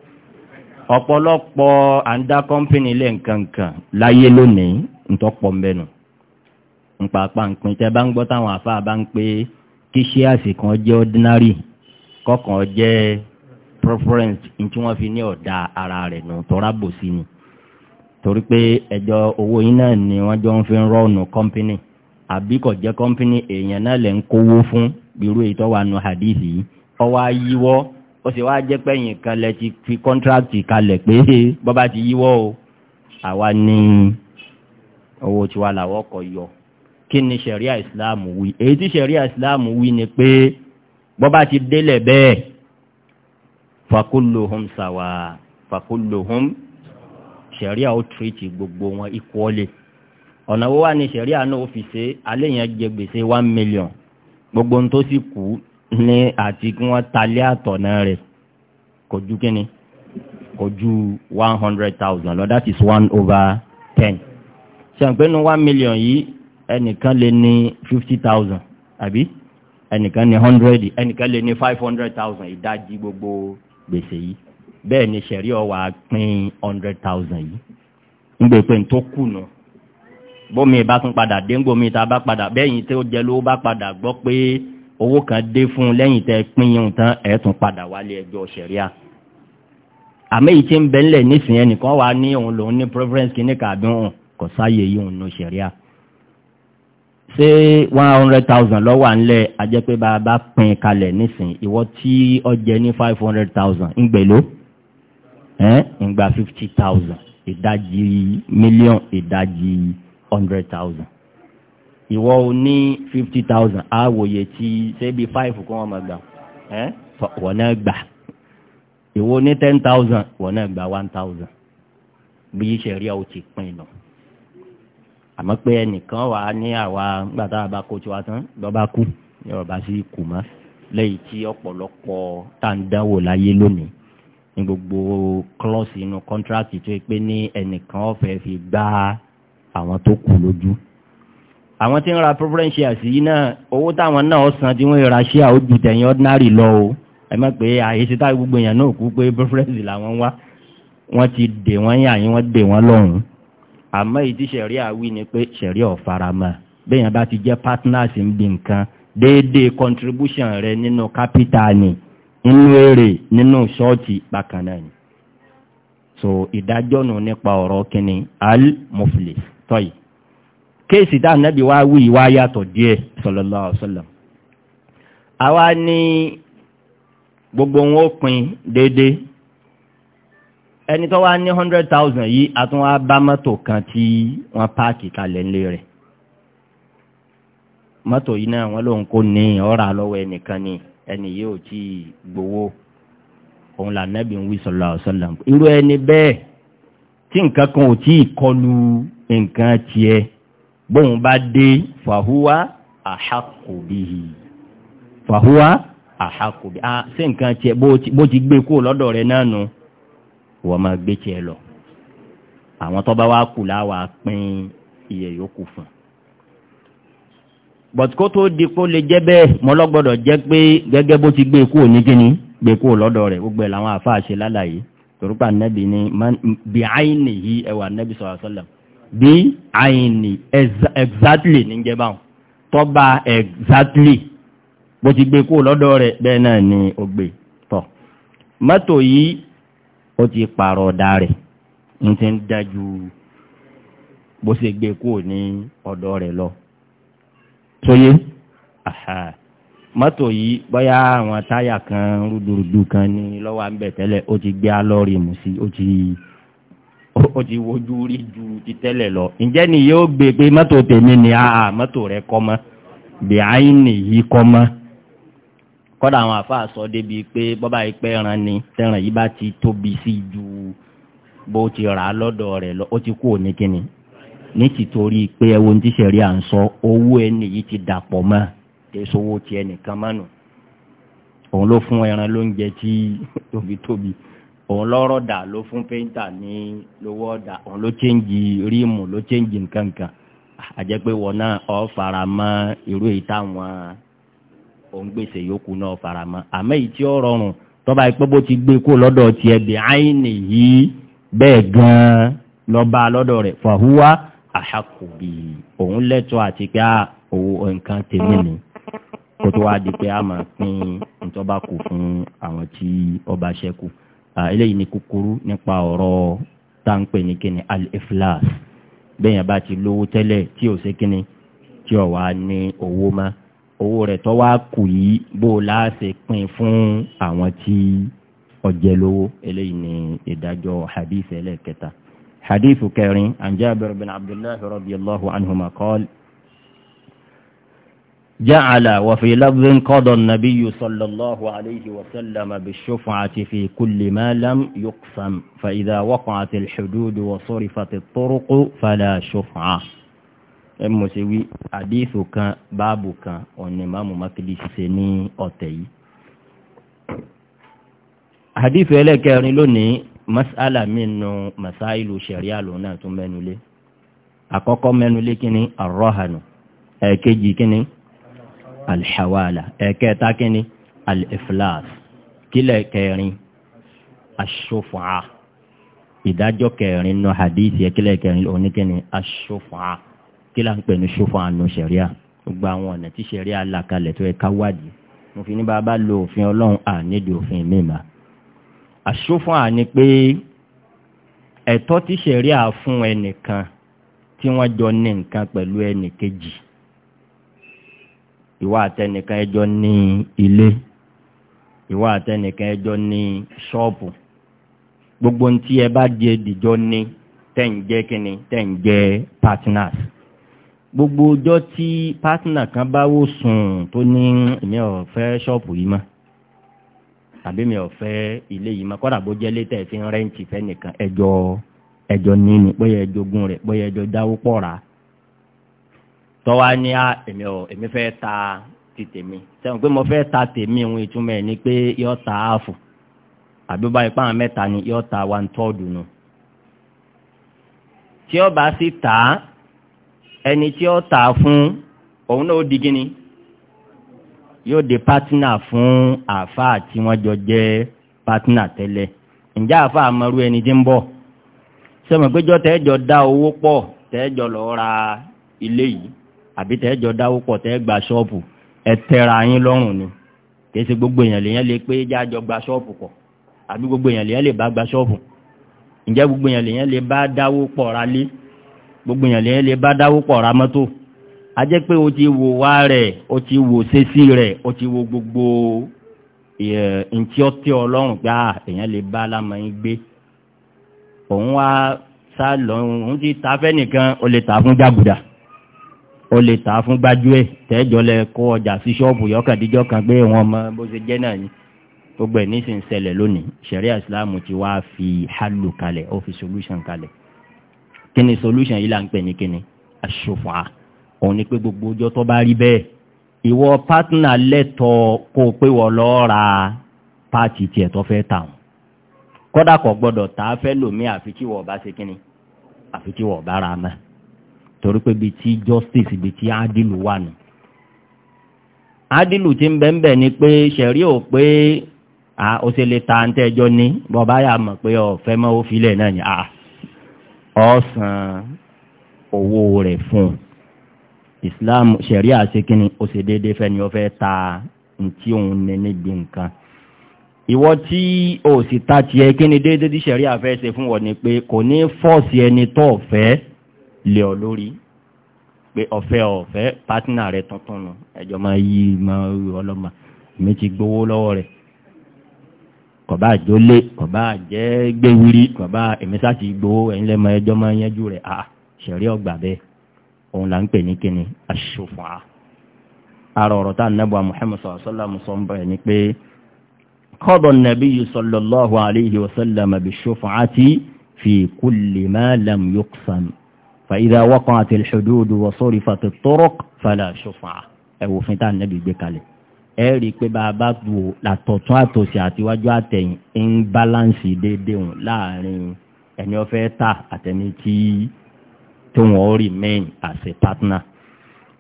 ọ̀pọ̀lọpọ̀ àǹdá kọ́mpìnì lẹ́ǹkankan láyé lónìí ń tọ́pọ̀ mbẹ́nu. No nípa pàǹpin tẹ́ bá ń gbọ́ táwọn àfáà bá ń pé kí àsìkan jẹ́ ordinary kọ́kàn jẹ́ preference ní tí wọ́n fi ní ọ̀dà ara rẹ̀ nù tọ́ra bò sí ni torí pé ẹjọ́ owó yín náà ni wọ́n jọ ń fi rọ́ọ̀nù company àbí kò jẹ́ company èèyàn náà lè ń kówó fún irú èyí tó wà nù hadith yìí ọwọ́ ayíwọ́ ó sì wá jẹ́ pẹ́yìn kan lẹ ti fi contract kalẹ̀ pé bọ́bá ti yíwọ́ o àwa ni owó tiwa làwọ́ kọ yọ kí ni ṣẹ̀ríà islam wí èyí tí ṣẹ̀ríà islam wí ni pé bọ́ bá ti délẹ̀ bẹ́ẹ̀ fakulluhum sawa fakulluhum ṣẹ̀ríà ó tírìtì gbogbo wọn equally ọ̀nà wo wá ni ṣẹ̀ríà náà ó fi ṣe alẹ́ jẹ gbèsè one million gbogbo ohun tó sì kú ní àti kí wọ́n talẹ́ àtọ̀nà rẹ̀ kò ju kí ni kò ju one hundred thousand lọ that is one over ten ṣe n pe nu one million yìí ẹnìkan lè ní fifty thousand àbí ẹnìkan ní hundred ẹnìkan lè ní five hundred thousand ìdajì gbogbo gbèsè yìí bẹ́ẹ̀ ni sẹ̀rí ọ̀wà pín hundred thousand yìí nígbè pé n tó kù nù bómi ìbá tún padà dé ń gbómi ìta bá padà bẹ́yìn tí ó jẹ ló bá padà gbọ́ pé owó kan dé fún lẹ́yìn tẹ́ pín yín tán ẹ̀ padà wálé ẹjọ́ sẹ̀ríà àmọ́ èyí tí ń bẹ nísìnyẹn nìkan wà ní òun lòun ní preference kìíní kàbí òun kò sáàyè yìí òun nù sẹ̀ríà. No ṣé one hundred thousand lọ́wọ́ àńlẹ̀ ajẹ́ pé bá a bá pín kalẹ̀ nísìn ìwọ tí ọ jẹ ní five hundred thousand ńgbèló ńgbà fifty thousand ìdajì mílíọ̀n ìdajì hundred thousand ìwọ ò ní fifty thousand àwòye tí ṣé bí five kó wọn máa gbà wọn náà gbà ìwọ ní ten thousand wọn náà gbà one thousand bí ṣe rí ọ ti pín náà àmọ́ pé ẹnìkan wà ní àwa nígbà tá a bá kó tiwa tán lọ́ba kú ní ọ̀rọ̀ bá sì kù mọ́ lẹ́yìn tí ọ̀pọ̀lọpọ̀ tá à ń dánwò láyé lónìí ní gbogbo klọ́ọ̀sì inú kọ́ńtíráàtì tó pé ní ẹnìkan ọ̀fẹ́ fi gbá àwọn tó kù lójú àwọn tí ń ra preference shares yìí náà owó táwọn náà san tí wọ́n ra share ó ju ordinary lọ o ẹ mọ̀ pé àyèsí táwọn gbogbo èèyàn náà kú pé preference làwọn wá wọ́n ti dè wọ́n yà yín wọ́n dè wọ́n lọ́rùn àmọ́ ìdí sẹ̀rí àwí ni pé sẹ̀rí ọ̀faramọ́ bẹ́yàn bá ti jẹ́ partners ń bí nǹkan déédéé contribution rẹ nínú capital ni nínú èrè nínú ṣọ́ọ̀tì bákan náà ni so ìdájọ́ nù nípa ọ̀rọ̀ kínní al muflis tọ́yì kéèsì tá ànábì wá wí wá yàtọ̀ díẹ̀ sallallahu alaihi wasallam àwa ní gbogbo wọn ó pin déédéé ẹni tó wá ní hundred thousand yìí a tún wá bá mọ́tò kan tí wọ́n páàkì kalẹ̀ ńlẹ̀ rẹ̀ mọ́tò yìí náà wọ́n lòun kò ní ọ̀rà lọ́wọ́ ẹnìkan ni ẹni yìí ò tí ì gbowó òun là nẹ́bí ń wí sallallahu alaihi wasallam irú ẹni bẹ́ẹ̀ tí nǹkan kan ò tí ì kọlu nǹkan tiẹ̀ bóun bá dé fàhùwà àhàkùbìhì fàhùwà àhàkùbìhì ah sí nǹkan tiẹ̀ bó ti gbé kúrò lọ́dọ̀ rẹ̀ náà nù. No wọ́n máa gbé tiẹ̀ lọ àwọn tó bá wá kù láwa pín iye yòókù fún un bọ̀tí kó tó di kó lè jẹ́ bẹ́ẹ̀ mọ́lọ́gbọ́dọ̀ jẹ́ pé gẹ́gẹ́ bó ti gbé kúrò ní kíni gbé kúrò lọ́dọ̀ rẹ̀ gbogbo ẹ̀ làwọn àfáà ṣe lálàyé torípa nẹ́bi ni bí àìní yìí ẹwà nẹ́bi sọ̀rọ̀ sọ́lẹ̀ bí àìní exactly ní jẹ́ báwọn tọ́ba exactly bó ti gbé kúrò lọ́dọ̀ rẹ̀ bẹ́ẹ̀ náà ni ó gbé tọ̀ mọ́tò yìí ó ti pààrọ̀ ọ̀dà rẹ̀ ń ti ń dájú bó ṣe gbé ní rẹ̀ lọ. tóyé mọ́tò yìí awọn àwọn táyà kan rúdurùdu kan ní lọ́wọ́ àbẹ̀ tẹ́lẹ̀ ó ti gbé alọ́ọ̀rì mú sí ti wojú rí ju ti tẹ́lẹ̀ lọ. ǹjẹ́ ni yóò gbé pé mọ́tò tèmi ni mọ́tò rẹ̀ kọ́ mọ́ nìyí kọ́dà àwọn àfáà sọ débi pé bọ́bá yìí ni tẹran yìí bá ti tóbi sí ju bó ti rà á lọ́dọ̀ rẹ̀ lọ ó ti kú òní kíni ní tìtorí pé ẹwo ní tíṣẹ̀rí à ń sọ owó ẹni yìí ti dàpọ̀ mọ́ tẹ̀sowó ti ẹnìkan mọ́nu òun ló fún ẹran lóúnjẹ tí tóbi tóbi òun lọ́rọ̀ dà ló fún péńtà ní lówó ọ̀dà òun ló chẹ́ǹgì ríìmù ló chẹ́ǹgì nǹkan òun gbèsè yòókù náà faramọ́ àmọ́ èyí tí ó rọrùn tọ́ba yìí pé bó ti gbé kó lọ́dọ̀ tiẹ̀ bí àìní yìí bẹ́ẹ̀ gan-an lọ́ba lọ́dọ̀ rẹ̀ fàhùwà àṣàkùbì òun lẹ́tọ̀ọ́ àti pé ah, owó nǹkan tèmi ni kó tó wá di pé a máa pín ìtọ́ba kù fún àwọn tí ọba ṣẹ́kù eléyìí ni kúkúrú nípa ọ̀rọ̀ táǹpẹ̀ ní kíni al bẹ́ẹ̀ yẹn bá ti lówó tẹ́lẹ̀ tí ò ṣe kíni tí ò ní owó máa owó rẹ̀ tó wá kù yìí bó o láṣẹ pín fún àwọn tí ọjẹ́ lówó eléyìí ni ìdájọ́ hadith ẹlẹ́kẹta hadith kẹrin an Jabir bin Abdullahi radiyallahu anhuma qala جعل وفي لفظ قضى النبي صلى الله عليه وسلم بالشفعة في كل ما لم يقسم فإذا وقعت الحدود وصرفت الطرق فلا شفعة ẹmọ ṣe wí àdíìsù kan báàbù kan ọ̀nà ìmáàmù mákìlì ṣiṣẹ́ ní ọ̀tẹ̀ yìí àdíìsù ẹlẹ́kẹrin lónìí masala minu masailu sharia lòun náà tún mẹ́nulé àkọ́kọ́ mẹ́nulé kíni arọ́hanu ẹ̀ẹ̀kejì kíni alhawala ẹ̀ẹ̀kẹta kíni aliflas kílẹ̀ kẹrin ashofa ìdájọ́ kẹrin nù hadith yẹ kílẹ̀ kẹrin oníkíni ashofa kila là ń pè ní ṣòfò àánú ṣẹ̀ríà gbogbo àwọn ọ̀nà tí ṣẹ̀ríà là kalẹ̀ tó yẹ ká wádìí mo fi ní bá a bá lo òfin ọlọ́run ànídìí òfin mímà àṣòfò àní pé ẹ̀tọ́ tí ṣẹ̀ríà fún ẹnìkan tí wọ́n jọ ní nǹkan pẹ̀lú ẹnìkejì ìwà àtẹnìkan ẹjọ́ ní ilé ìwà àtẹnìkan ẹjọ́ ní ṣọ́ọ̀bù gbogbo ntí ẹ bá di ẹdìjọ́ ní tẹ̀ ń jẹ́ kínní tẹ̀ ń jẹ́ partners gbogbo ọjọ́ tí pátínà kan bá wò sùn tó ní èmi ọ̀fẹ́ ṣọ́ọ̀pù yìí mọ́ tàbí mi ọ̀fẹ́ ilé yìí mọ́ kọ́dà bó jẹ́ létẹ̀ fi ń rẹ́ǹtì fẹ́ nìkan ẹjọ́ ẹjọ́ nínú bóyá ẹjọ́ ogún rẹ̀ bóyá ẹjọ́ dáwó pọ̀ rà ní à ah, fẹ́ ta ti tèmi sẹ́wọ̀n pé mo fẹ́ ta tèmi òun ni pé ta áàfù àbí báyìí pàmò mẹ́ta ni ta nù tí ẹni tí ó tà fún òun náà yóò di pátínà fún àáfàá tí wọn jọ jẹ́ pátínà tẹ́lẹ̀ ǹjẹ́ àáfàá ẹni tí ń bọ̀ sọmọgbẹ́jọ́ tẹ́jọ dá owó pọ̀ tẹ́jọ lọ ra ilé yìí àbí tẹ́jọ dáwó pọ̀ gba ẹ yín ni gbogbo èèyàn lèèyàn lè gba pọ̀ àbí gbogbo èèyàn lèèyàn gba gbogbo èèyàn lèèyàn lè bá dáwó gbogbo èèyàn lè lè bá dáwó pọ̀ ra mọ́tò a jẹ́ pé o ti wo wá rẹ̀ o ti wo sẹ́sí rẹ̀ o ti wo gbogbo ntí ọtí ọlọ́run pé à ah, èèyàn lè bá lámọ̀yìn gbé òun wá sá lọ òun ti ta fẹ́nìkan o lè ta fún jàgùdà o lè ta fún gbájúẹ̀ tẹ́jọ́ kó ọjà sí ṣọ́ọ̀bù yọkàndíjọ́ kan pé wọn mọ bó ṣe jẹ́ náà ni gbogbo ẹ̀ nísìnyí ṣẹlẹ̀ lónìí ṣẹ̀ríà ìsìláàmù ti wá fi hálù kalẹ̀ ó fi solution kalẹ̀ kí solution yìí là ń pè ní kíni aṣòfà òun ni pé gbogbo ọjọ́ tó bá rí bẹ́ẹ̀ ìwọ pátínà lẹ́tọ̀ọ́ kó o pé wọ́n lọ́ọ́ ra páàtì tiẹ̀ tó fẹ́ tà wọ́n kódà kò gbọ́dọ̀ tà á fẹ́ lòmí àfi kí wọ́n bá ṣe kíni àfi kí wọ́n bá ra mọ́ torí pé bíi ti justice bíi ti adilu wà nù adilu ti ń bẹ́ẹ̀ bẹ́ẹ̀ ni pé ṣẹ̀rí ò pé ó ṣe lè ta ń tẹ́jọ́ ní bọ́ọ̀ mọ̀ pé ọ̀fẹ́ mọ́ ó filẹ̀ náà ni ọ san owó rẹ̀ fún islam ṣẹ̀ríà ṣe kí ni ó ṣe déédéé fẹ́ ni ó fẹ́ ta ntí òun ní níbi nǹkan ìwọ tí o sì ta tiẹ̀ kí ni déédéé tí ṣẹ̀ríà fẹ́ ṣe fún wọn ni pé kò ní fọ́ọ̀sì ẹni tó ọ̀fẹ́ lé ọ lórí pé ọ̀fẹ́ ọ̀fẹ́ pátínà rẹ̀ tuntun nù ẹjọ́ máa yí máa ọlọ́mà mi ti gbowó lọ́wọ́ rẹ̀ kọ̀bá àjọlé kọ̀bá àjẹ́ gbéwìrí kọ̀bá èmísàtì gbowó ẹ̀yìn lẹ́mọ ẹjọ́ máa yanjú rẹ̀ à ah, ṣẹ̀rí ọgbà bẹ́ẹ̀ òun là ń pè ní kíni aṣòfà ara ọ̀rọ̀ tá nẹ́bùa Muhammad sallallahu alaihi wasallam sọ ń bẹ̀rẹ̀ ni pé qada an-nabiyyu sallallahu alaihi wasallam bish-shuf'ati fi kulli ma lam yuqsam fa idha waqa'ati al-hudud wa ẹ rí i pé bàbá wò látọ̀tún àtòsí àtiwájú àtẹ̀yìn ń báláǹsì déédéé hùn láàrin ẹni ọ̀fẹ́ tà àtẹni tí tó wọ́n remain as a partner.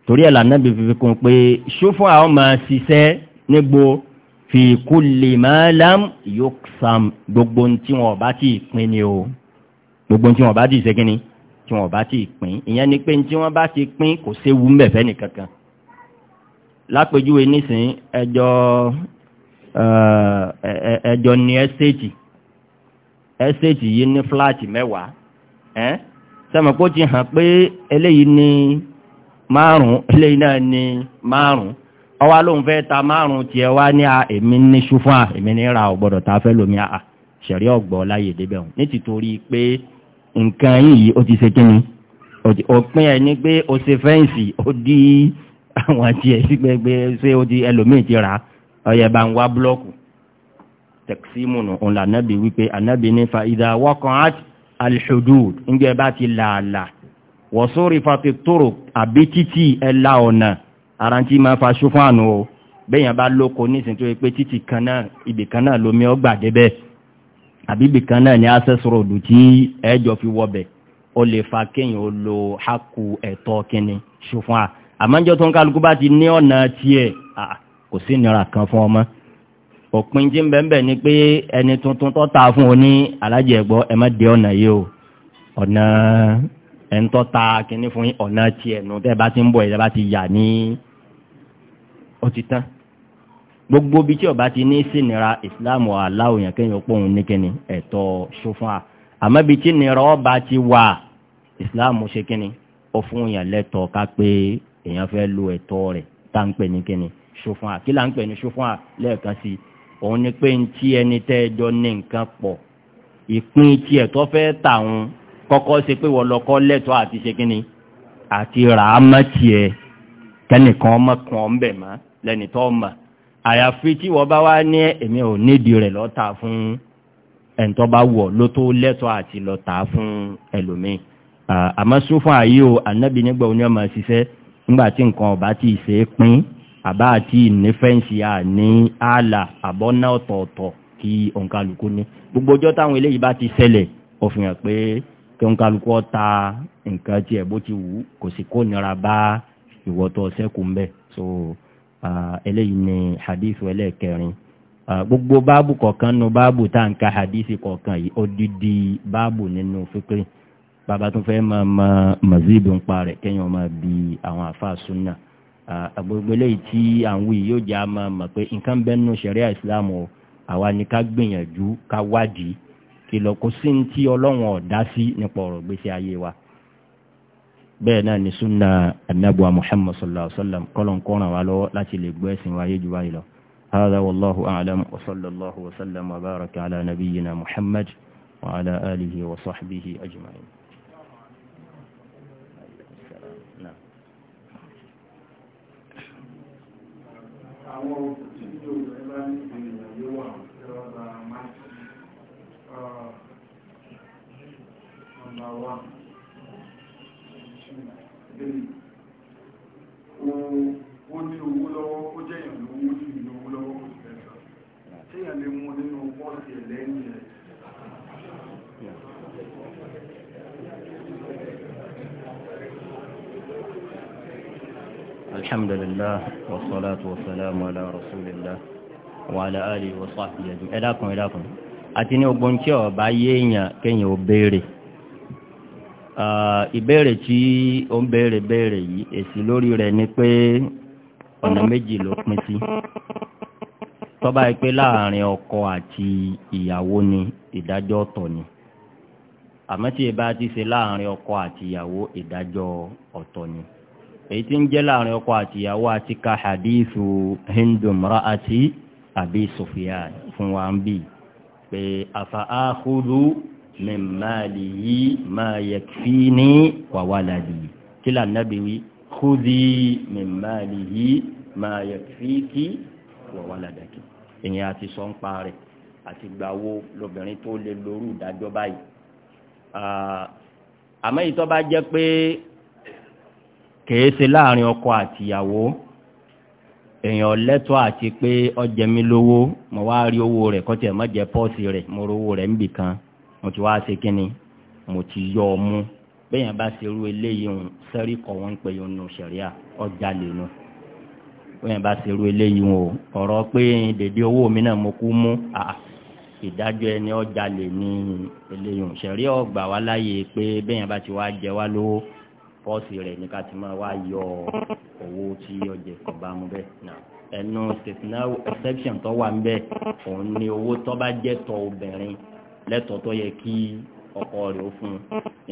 torí ẹ̀ lànà bí fífi kún pé ṣófò àwọn máa ṣiṣẹ́ nígbò fi kulli ma lam yuqsam gbogbo tí wọn bá ti pín ni o gbogbo tí wọn bá ti ṣe kí ni tí wọn bá ti pín ìyẹn ni pé tí wọn bá ti pín kò séwu ń bẹ̀fẹ́ nìkankan lápèjúwe nísìn ẹjọ́ ẹjọ́ ní ẹ́stéètì ẹ́stéètì yìí ní fúláàtì mẹ́wàá ẹ́ sẹ́mi kó ti hàn pé eléyìí ní márùn-ún eléyìí náà ní márùn-ún ọwá lóun fẹ́ ta márùn-ún tiẹ̀ wá ní a èmi ní ṣúfún à èmi ní ra ọ̀gbọ́dọ̀ ta fẹ́ lómi à ṣẹ̀rí ọ̀gbọ́ láyè débẹ̀ hùn ní pé nǹkan yìí ó ti ṣe kíni òpin ẹ̀ ní pé ó ṣe fẹ́ǹsì ó dí àwọn tiẹ̀ sí gbẹgbẹ ṣé ó di ẹlòmíì ti rà ọ̀yẹ̀ bá ń wá búlọ́ọ̀kù tẹ̀símù nù ọ̀la anábì wípé anábì ní fa ìdá wọ́kàn á alhudud ńgbẹ́ bá ti làálà wọ́sórí fati tóró àbí títì ẹ̀la ọ̀nà arántí máa fa ṣúfàánù o bẹ́yàn bá lóko nísìn tó yẹ pé títì kan náà ibì kan náà lomi ọgbà débẹ̀ àbí ibì kan náà ní access road tí ẹ̀jọ̀ fi wọbẹ̀ ó lè fa kéèyàn lo hákù ẹ̀tọ́ kínní ṣùfọ́n àmọ́jọ́ tó ń kálukú bá ti ní ọ̀nà tiẹ̀ kò sí ìnira kan fún ọmọ òpin tí ń bẹ́ẹ̀ ni pé ẹni tuntun tó ta fún o ní alájẹ ẹ̀gbọ́ ẹ má dé ọ̀nà yìí o ọ̀nà ẹ̀ ta kínní fún ọ̀nà tiẹ̀ nù tẹ́ bá ti ń bọ̀ ẹ̀ bá ti yà ní ó tán gbogbo bí tí ọba ti ní sínira Islam aláwòyàn kéèyàn pòun ní kíni ẹ̀tọ́ ṣòfún a àmọ́ bí tí nira ọba ti wà Islam ṣe kíni ó fún yàn lẹ́tọ̀ọ́ ká pé èèyàn fẹ́ lo ẹ̀tọ́ rẹ̀ tá ń pè ní kíni ṣòfún à kí là ń pè ní ṣòfún à lẹ́ẹ̀kan sí òun ni pé ntí ẹni tẹ́ ẹjọ́ ní nǹkan pọ̀ ìpín tí ẹ̀tọ́ fẹ́ tà wọn kọ́kọ́ ṣe pé wọ́n lọ́kọ́ lẹ́tọ́ àti ṣe kíni àti rà á mọ́ tiẹ̀ kẹ́nìkan ọmọ kan ń bẹ̀ mọ́ lẹ́ni tó mọ̀ àyàfi tí wọ́n bá wá ní èmi ò nídìí rẹ̀ lọ́ta fún ẹ̀ńtọ́ bá wọ̀ ló tó lẹ́tọ́ àti lọ́ta fún ẹlòmíì àmọ́ sófin àyè o ànábì nígbà oní ọmọ ṣiṣẹ́ nígbà tí nǹkan ọ̀bá ti ṣe é pín àbá àti ìnífẹ́ǹsì àní ààlà àbọ́nà ọ̀tọ̀ọ̀tọ̀ kí òǹkàlùkù ní gbogbo ọjọ́ táwọn eléyìí bá ti ṣẹlẹ̀ òfin hàn pé kí òǹkàlùkù ta nǹkan tiẹ̀ bó ti wù kò sì kó nira bá ìwọ́tọ̀ ṣẹ́kù ń bẹ̀ so eléyìí ni hadith ẹlẹ́ẹ̀kẹrin gbogbo báàbù kọ̀ọ̀kan nu báàbù tá à ń ka hadith kọ̀ọ̀kan yìí odidi babu nínú fíkírí bàbá tó fẹ́ máa ma mazidu ń pa rẹ̀ kẹ́yìn ọmọ bí àwọn àfa sunna gbogbo eléyìí tí à ń wí yóò jẹ́ àmọ́ mọ̀ pé nǹkan bẹ́ẹ̀ nù sẹ̀ríà ìsìlámù o àwa ni ká gbìyànjú ká wádìí kìlọ̀ kó sí ní tí ọlọ́run ọ̀dá sí nípa ọ̀rọ̀ gbèsè ayé wa bẹ́ẹ̀ náà ni sunna anabuwa muhammad sallallahu alaihi wa sallam kọ́lọ̀n kọ́ràn wa lọ́wọ́ láti lè gbọ́ ẹ̀sìn wa yéjú wa ìlọ. هذا والله أعلم وصلى الله وسلم وبارك على نبينا محمد وعلى آله وصحبه أجمعين àwọn òtítọ́ ẹgbà ní ìrìnàjò wà lọ́gbà máìkì ọ̀nà wà ó ní owó lọ́wọ́ ó jẹ́yàn lówó sí ìlú owó lọ́wọ́ kò sí tí èèyàn mú nínú pọ́ọ̀sì ẹ̀lẹ́yìn الحمد لله والصلاة والسلام على رسول الله وعلى آله وصحبه أجمعين ẹ̀dàkùn ẹ̀dàkùn àti ní ogun tí ó bá yé èèyàn kéèyàn ó béèrè ìbéèrè tí ó ń béèrè béèrè yìí èsì lórí rẹ̀ ni pé ọ̀nà méjì ló pín sí tó bá pé láàrin ọkọ àti ìyàwó ni ìdájọ́ ọ̀tọ̀ ni àmọ́ tí ẹ bá ti ṣe láàrin ọkọ àti ìyàwó ìdájọ́ ọ̀tọ̀ ni èyí tí ń jẹ́ láàrin ọkọ àtìyàwó àti ka hadithu hindu mra'ati abi sufyan fún wa ń bì pé afa akhudhu min malihi ma yakfini wa waladi kí là nábì wí khudhi min malihi ma yakfiki wa waladaki èyí àti sọ ń pa rẹ̀ àti gbàwó lóbìnrin tó lè lórú ìdájọ́ báyìí àmọ́ ìtọ́ bá jẹ́ pé kèé ṣe láàrin ọkọ àtìyàwó èèyàn lẹ́tọ́ àti pé ọjẹ́ mi lówó mo wá rí owó rẹ̀ kọ́ tiẹ̀ mọ́jẹ́ pọ́ọ̀sì rẹ̀ mo rówó rẹ̀ níbì kan mo ti wá ṣe kínni mo ti yọ ọ mú bẹ́yàn bá ṣe irú eléyìí hùn sẹ́rí kọ̀ wọ́n ń pè yín nù sẹ̀ríà ọjà lè nu bẹ́yàn bá ṣe irú eléyìí hùn ọ̀rọ̀ pé dèdè owó mi náà mo kú mú ìdájọ́ ẹni ọjà lè ní eléyìí hùn sẹ̀ríà ọgbà wá láyè pé bẹ́yàn bá ti wá jẹ wá lówó kọ́ọ̀sì rẹ̀ ní ká ti máa wá yọ owó tí ọjẹ́ kò bá mu bẹ́ẹ̀ náà ẹnu stationary exception tó wà ń bẹ òun ni owó tó bá jẹ́ tọ obìnrin lẹ́tọ̀ọ́ tó yẹ kí ọkọ rẹ̀ ó fún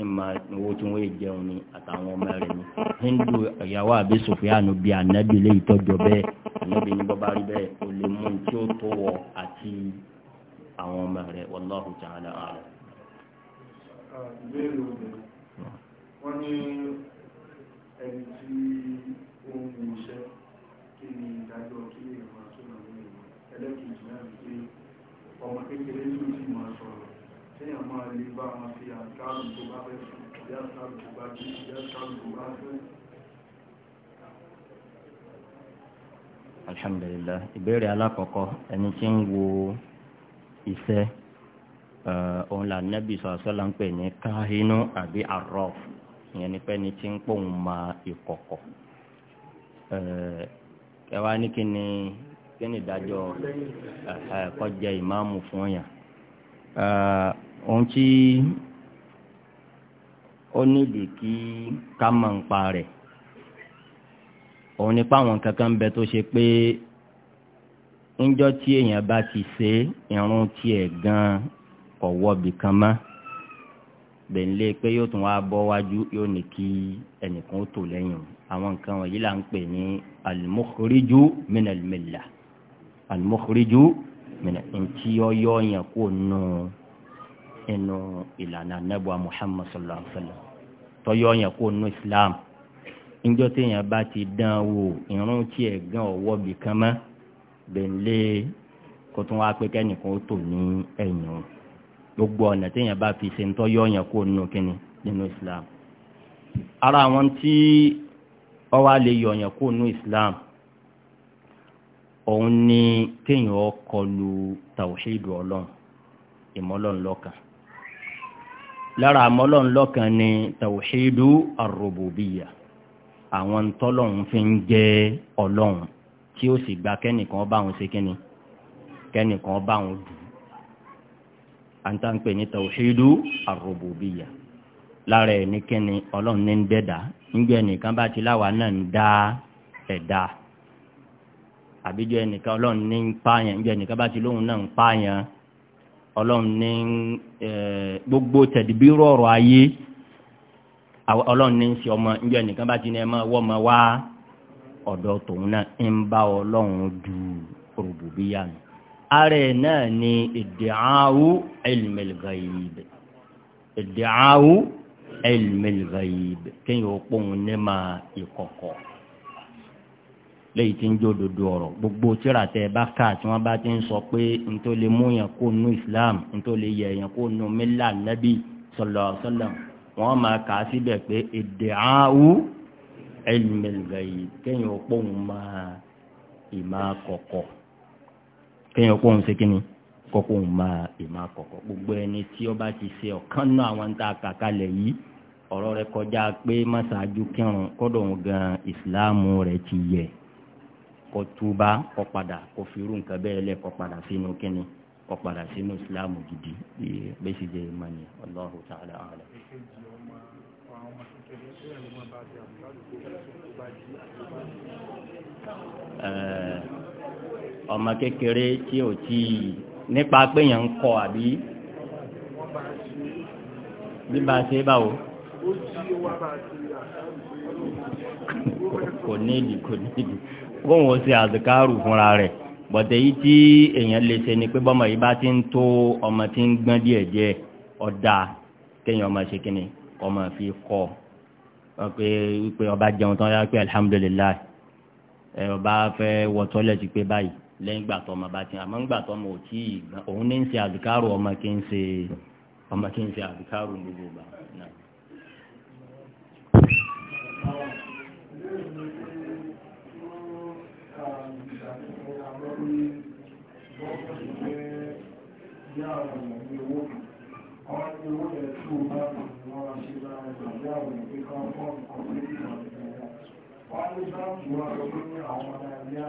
ìmọ̀ owó tí wọ́n jẹun ni àtàwọn ọmọ rẹ̀ ni hindu ìyàwó àbí sofianu bíi anabi lè tọ́jọ bẹ́ẹ̀ anabi ní bọ́bá rí bẹ́ẹ̀ o lè mú tí ó tó wọ àti àwọn ọmọ rẹ̀ wallahu ta'ala àlọ́ wọ́n ní ẹni tí ó ń mú iṣẹ́ kí ni ìdájọ́ kí lè máa tó náà ní ìwọ̀n ẹlẹ́kìtì náà ní pé ọmọ kékeré ní ìlú máa sọ̀rọ̀ téèyàn máa lè bá wọn fi àkáàrù tó bá fẹ́ sùn ìdí àkáàrù tó bá jí ìdí àkáàrù tó bá fẹ́. alhamdulillah ìbéèrè alákọ̀ọ́kọ́ ẹni tí ń wo iṣẹ́ eh, òun là nẹ́bí sọ̀rọ̀ sọ́la ń pè ní káhínú àbí arọ́fù ìyẹn ni pé ni tí ń pòun ma ìkọ̀kọ̀ ẹ wá ní kí ni kí ni ìdájọ́ kọjá ìmáàmù fún yàn ohun tí ó nídi kí ká mọ̀ ń pa rẹ̀ òun ni páwọn kankan bẹ tó ṣe pé ńjọ́ tí èèyàn bá ti ṣe irun tiẹ̀ gan-an kọ̀wọ́ bìkan mọ́ bẹ̀ńlẹ̀ pé yóò tún wá bọ́ wájú yóò ní kí ẹnìkan tó lẹ́yìn àwọn nǹkan wọ̀nyí là ń pè ní al-mukhriju min al ntí ọyọ yẹn kó nù inú ìlànà anábọ̀ muhammad sallallahu alayhi wa sallam tọ́yọ yẹn kó nù islam níjọ́ téèyàn bá ti dán wò ìrun tiẹ̀ gan ọwọ́ bìkan mọ́ bẹ̀ńlẹ̀ kó tún wá pé kẹ́nìkan tó ní ẹ̀yìn o gbogbo ọ̀nà téèyàn bá fi ṣe ń tọ́ yọ̀ọ̀yàn kó nínú kínní nínú islam ara àwọn tí ó wá lè yọ̀ọ̀yàn kó nínú islam òun ni kéèyàn kọlu tàwíṣídù ọlọ́run ìmọ̀lọ́run lára àmọ́lọ́run ni tàwíṣídù àrùbùbíyà àwọn tọ́lọ́run fi ń jẹ́ ọlọ́run tí ó sì gba kẹ́nìkan báwọn ṣe kínní kẹ́nìkan báwọn dùn àǹtá ń pè ní tawhidu ar-rububiyyah lára ẹ̀ ní kíni ọlọ́run ní ń dẹ́dà níjọ́ ẹnìkan bá ti láwa náà ń dá ẹ̀dá àbíjọ́ ẹnìkan ọlọ́run ní ń pààyàn níjọ́ ẹnìkan bá ti lóhun náà ń pààyàn ọlọ́run ní gbogbo tẹ̀dìbírò ọ̀rọ̀ ayé ọlọ́run ní ń ṣe ọmọ níjọ́ ẹnìkan bá ti ní ẹ máa ọmọ wá ọ̀dọ̀ tòun náà ń bá ọlọ́run du rububiyyah nù ara ẹ̀ náà ni ìdìáwú ẹlmẹ̀lgáyìbì ìdìáwú ẹlmẹ̀lgáyìbì kéèyàn ó pòun ní máa ìkọ̀kọ̀ léyìí tí ń jó dodo ọ̀rọ̀ gbogbo tíra tẹ bá kà tí wọ́n bá ti ń sọ pé n tó lè mú yẹn kó nu Islam n tó lè yẹ kó nu mílà nábì sallallahu wọ́n máa kà á síbẹ̀ pé ìdìáwú ẹlmẹ̀lgáyìbì kéèyàn ó pòun máa ìmá kọ̀kọ̀ kéèyàn kó òun ṣe kí ni kọ́kọ́ òun máa ìmọ̀ àkọ́kọ́ gbogbo ẹni tí ó bá ti ṣe ọ̀kan náà àwọn tá a kà kalẹ̀ yìí ọ̀rọ̀ rẹ̀ kọjá pé mọ́ṣáájú kírun kọ́dọ̀ òun gan ìsìláàmù rẹ̀ ti yẹ kó túbá kó padà kó fi irú nǹkan bẹ́ẹ̀ lẹ̀ kó padà sínú kí ni kó padà sínú ìsìláàmù gidi bí bẹ́sì jẹ́ ìmọ̀ ni Allahu ta'ala a'lam. ẹ̀ẹ́ ọmọ kékeré tí ò tí ì nípa pé yẹn ń kọ àbí bí bá a ṣe báwo. kò nídìí kò nídìí kóun ó ṣe àzùkárù fúnra rẹ̀ bọ̀dẹ̀ yìí tí èèyàn lè ṣe ni pé bọ́mọ̀ yìí bá ti ń tó ọmọ tí ń gbọ́n díẹ̀ díẹ̀ ọ̀dà kéèyàn ọmọ ṣe kínní ọmọ fi kọ́ ọ̀pẹ wípé ọba jẹun tán yá pé alihamudulilayi ọba fẹ́ wọ tọ́lẹ̀ sí pé báyìí lẹ́yìn gbà tó ọmọ bá ti àmọ́ gbà tó ọmọ ò tí ì òun ní ń ṣe àdìkárò ọmọ kí ń ṣe ọmọ kí ń ṣe àdìkárò gbogbo ìgbà náà. Wọ́n ní báńkì wọn sọ pé àwọn ọmọ ẹ̀yà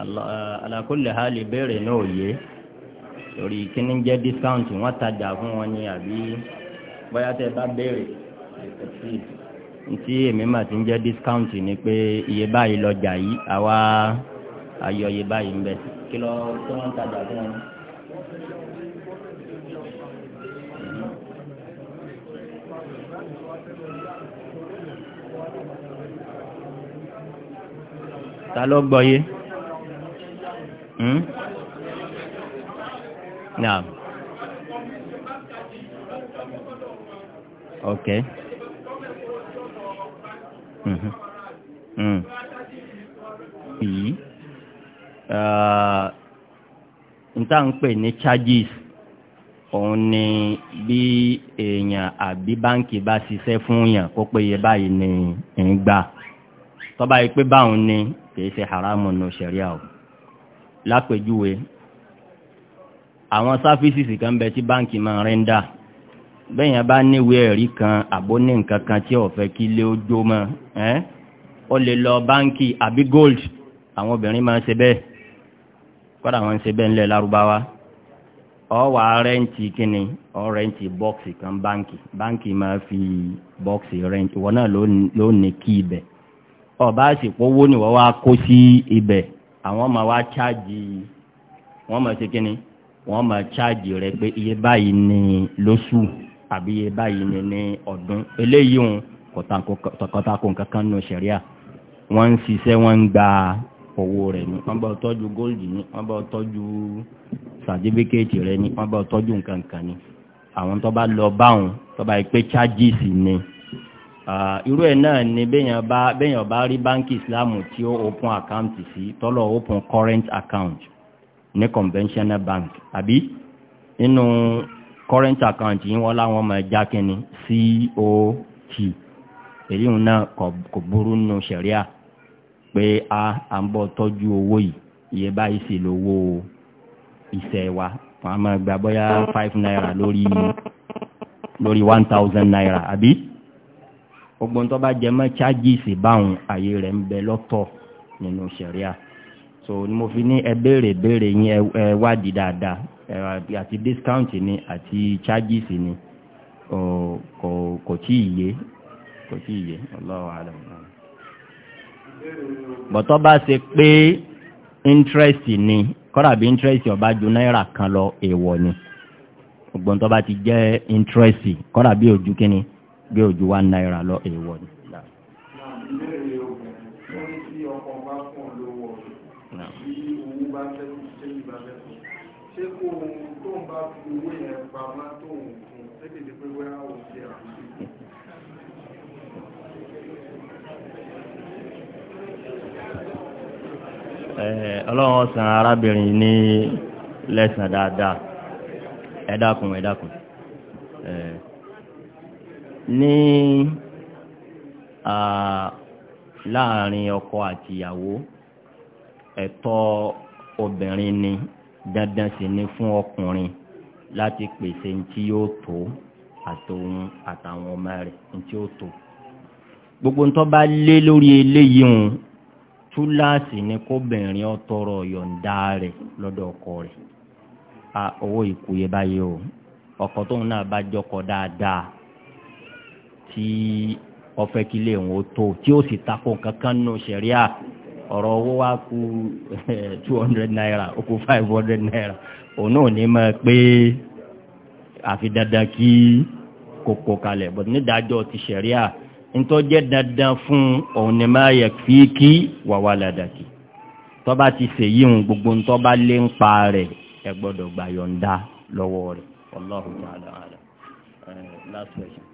ala ha hal ìbéèrè náà ò yé torí kíní jẹ́ discount wọ́n tajà fún wọn ni àbí bóyá tẹ bá béèrè ntí èmi ti ń jẹ́ discount ni pé iye báyìí lọ́jà yìí àwa ayọ̀ iye báyìí ń bẹ kí lọ tí wọ́n tajà fún wọn. ta ló gbọ́ yé. Hmm? naam ok yìí hmm. hmm. n tá à ń pè ní charges òun ni bí èèyàn àbí báǹkì bá ṣiṣẹ́ fún yàn kó péye báyìí ni ń gbà tọ́ba yìí pé báwọn ni kì í ṣe haramu nù sẹ̀ríà o lápèjúwe àwọn sáfíìsì kan bẹ tí báǹkì máa rẹ̀ ń dà bẹ́yàn bá níwèé ẹ̀rí kan àbó ní nǹkan kan tí ó fẹ́ kí lé ó mọ́ ẹ́ ó lè lọ báǹkì àbí gold àwọn obìnrin máa ń ṣe bẹ́ẹ̀ kọ́dà wọ́n ń ṣe bẹ́ẹ̀ ńlẹ̀ lárúbáwá ọwà rẹ́ǹtì kíni ọ rẹ́ǹtì bọ́ọ̀sì kan báǹkì báǹkì máa fi bọ́ọ̀sì rẹ́ǹtì wọn náà ló ní kí ibẹ̀ ọba àsìkò owó ni wọ́n wá kó sí ibẹ̀ àwọn máa wá chájì wọ́n máa ṣe kíni wọ́n máa chájì rẹ̀ pé iye báyìí ni lóṣù àbí iye báyìí ni ní ọdún eléyìí òun kọ̀tàkùn nǹkan kan nù sẹ̀ríà wọ́n ń ṣiṣẹ́ wọ́n ń gba owó rẹ̀ ni wọ́n bá tọ́jú góòlì ni wọ́n bá tọ́jú sàtífíkẹ́ẹ̀tì rẹ̀ ni wọ́n bá tọ́jú nǹkan kan ni àwọn tó bá lọ báwọn tó bá yẹ pé chájì sì ni irú ẹ̀ náà ni béèyàn bá béèyàn bá rí báńkì ìsìláàmù tí ó open account sí tọ́lọ̀ open current account ní conventional bank àbí nínú current account yìí wọ́n láwọn máa já kínní COT èyí náà kò burú nù sẹ̀ríà pé a à ń bọ̀ tọ́jú owó yìí iye báyìí sì lówó iṣẹ́ wa wọ́n á máa gbà bóyá five naira lórí lórí one thousand naira àbí gbogbo tó bá jẹ mọ́ charges báwọn àyè rẹ̀ ń bẹ lọ́tọ̀ nínú sẹ̀ríà so ni mo fi ní ẹ béèrè béèrè yín ẹ wádìí dáadáa àti discount ni àti charges ni kò kò tí ì yé kò tí ì yé Allahu alam. bọ̀tọ́ bá ṣe pé interest ni kọ́dà bí interest ó bá ju náírà kan lọ èèwọ̀ ni gbogbo tó bá ti jẹ́ interest kọ́dà bí ojú kínní gbé ojú wa náírà lọ èèwọ̀ ni. ṣé kó ohun tó ń bá fi owó yẹn pamọ́ tó ń fún tẹ́lẹ̀ pé wẹ́rà ò ṣe àbúṣe. ọlọ́run ọ̀sán arábìnrin ní lẹ́sàn dáadáa ẹ dákun ẹ dákun ní láàrin ọkọ àti ìyàwó ẹ̀tọ́ obìnrin ni dandan sì ni fún ọkùnrin láti pèsè ní tí yóò tó àtòun àtàwọn ọmọ rẹ̀ ní tí yóò tó gbogbo ntọ́ bá lé lórí eléyìí hùn túláàsì ni kóbìnrin ọtọrọ yọ̀ǹda rẹ̀ lọ́dọ̀ ọkọ rẹ̀ a owó ìkúyè báyìí o ọkọ tóun náà bá jọkọ dáadáa tí ọfẹ́ kí lè wọ́n tó tí ó sì takò kankan nù sẹ̀ríà ọ̀rọ̀ owó wa kú eh, two naira ó kú five naira o náà ní mọ̀ pé àfi dandan kí kòkò kalẹ̀ bọ̀ nídàájọ́ ti sẹ̀ríà ntọ́ jẹ́ dandan fún òun ni máa yẹ fi kí wàwà ládàkì tọ́ bá ti ṣe yíhun gbogbo ntọ́ bá lé ń pa rẹ̀ ẹ gbọ́dọ̀ gbàyọ̀ǹda lọ́wọ́ rẹ̀ Allahu eh, Last question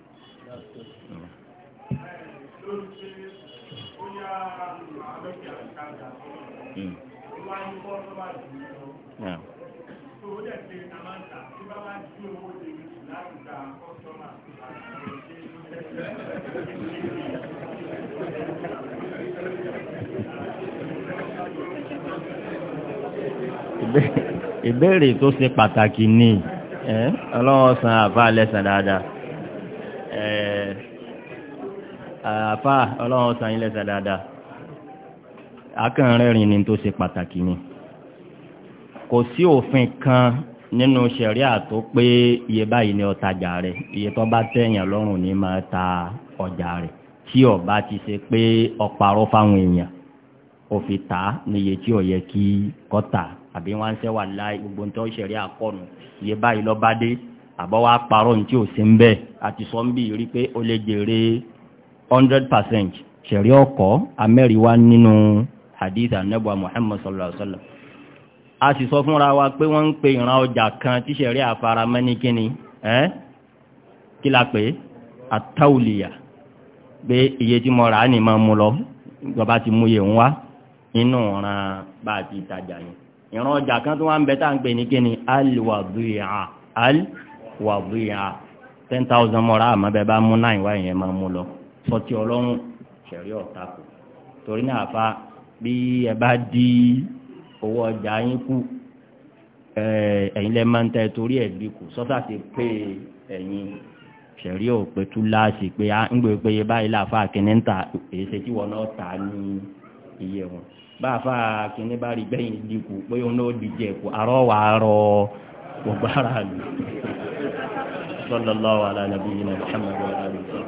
ìbéèrè tó ṣe pàtàkì ni ọlọ́wọ́ san àbá lẹ́sàn dáadáa àfà ọlọ́run ọ̀sán yín lẹ́sẹ̀ dáadáa akànrẹ́rìn ni tó ṣe pàtàkì ni kò sí òfin kan nínú ṣẹ̀ríà tó pé iye báyìí ni ọtajà rẹ̀ iye tó bá tẹ̀yàn lọ́rùn ní máa ta ọjà rẹ̀ tí ó bá ti ṣe pé ọparọ́ fáwọn èèyàn ó fi tà á níye tí ó yẹ kí kó àbí wọ́n ṣe wà láì gbogbo tó ṣẹ̀ríà kọ̀nù iye báyìí ló bá dé àbọ̀ wá parọ́ ní tí ò sí ń bẹ́ẹ̀ àti sọ rí pé ó lè jèrè hundred percent ṣẹ̀rí ọkọ̀ amẹ́rìíwá nínú hadith anabu muhammad sallallahu alaihi wa sallam a sì sọ fúnra wa pé wọ́n ń pe ìran ọjà kan tí ṣẹ̀rí àfaramẹ́ ní kíni ẹ́ kí la pè àtàwùlìyà pé iye tí mo rà á ní máa mú lọ ìjọba ti mú iye ń wá inú ọ̀ràn bá ti tajà ni ìran ọjà kan tó wá ń bẹ tá ń pè ní kíni alwàdúyà alwàdúyà ten thousand mọ́ra àmọ́ bẹ́ẹ̀ bá mú náà ìwá ìyẹn máa mú lọ. tọ́tí ọlọ́run ṣẹ̀rí ọ̀tá torí náà fa bí ẹ bá di owó ọjà yín kù ẹ̀yin máa ń tẹ torí ẹ̀ bí kù sọ́tà ti pé ẹ̀yìn ṣẹ̀rí ò pé láàṣì pé a ń gbé pé báyìí láàfà kìíní ń ta èyí ṣe náà ta ní iye fa bá rí gbẹ̀yìn pé òun náà wà á rọ ara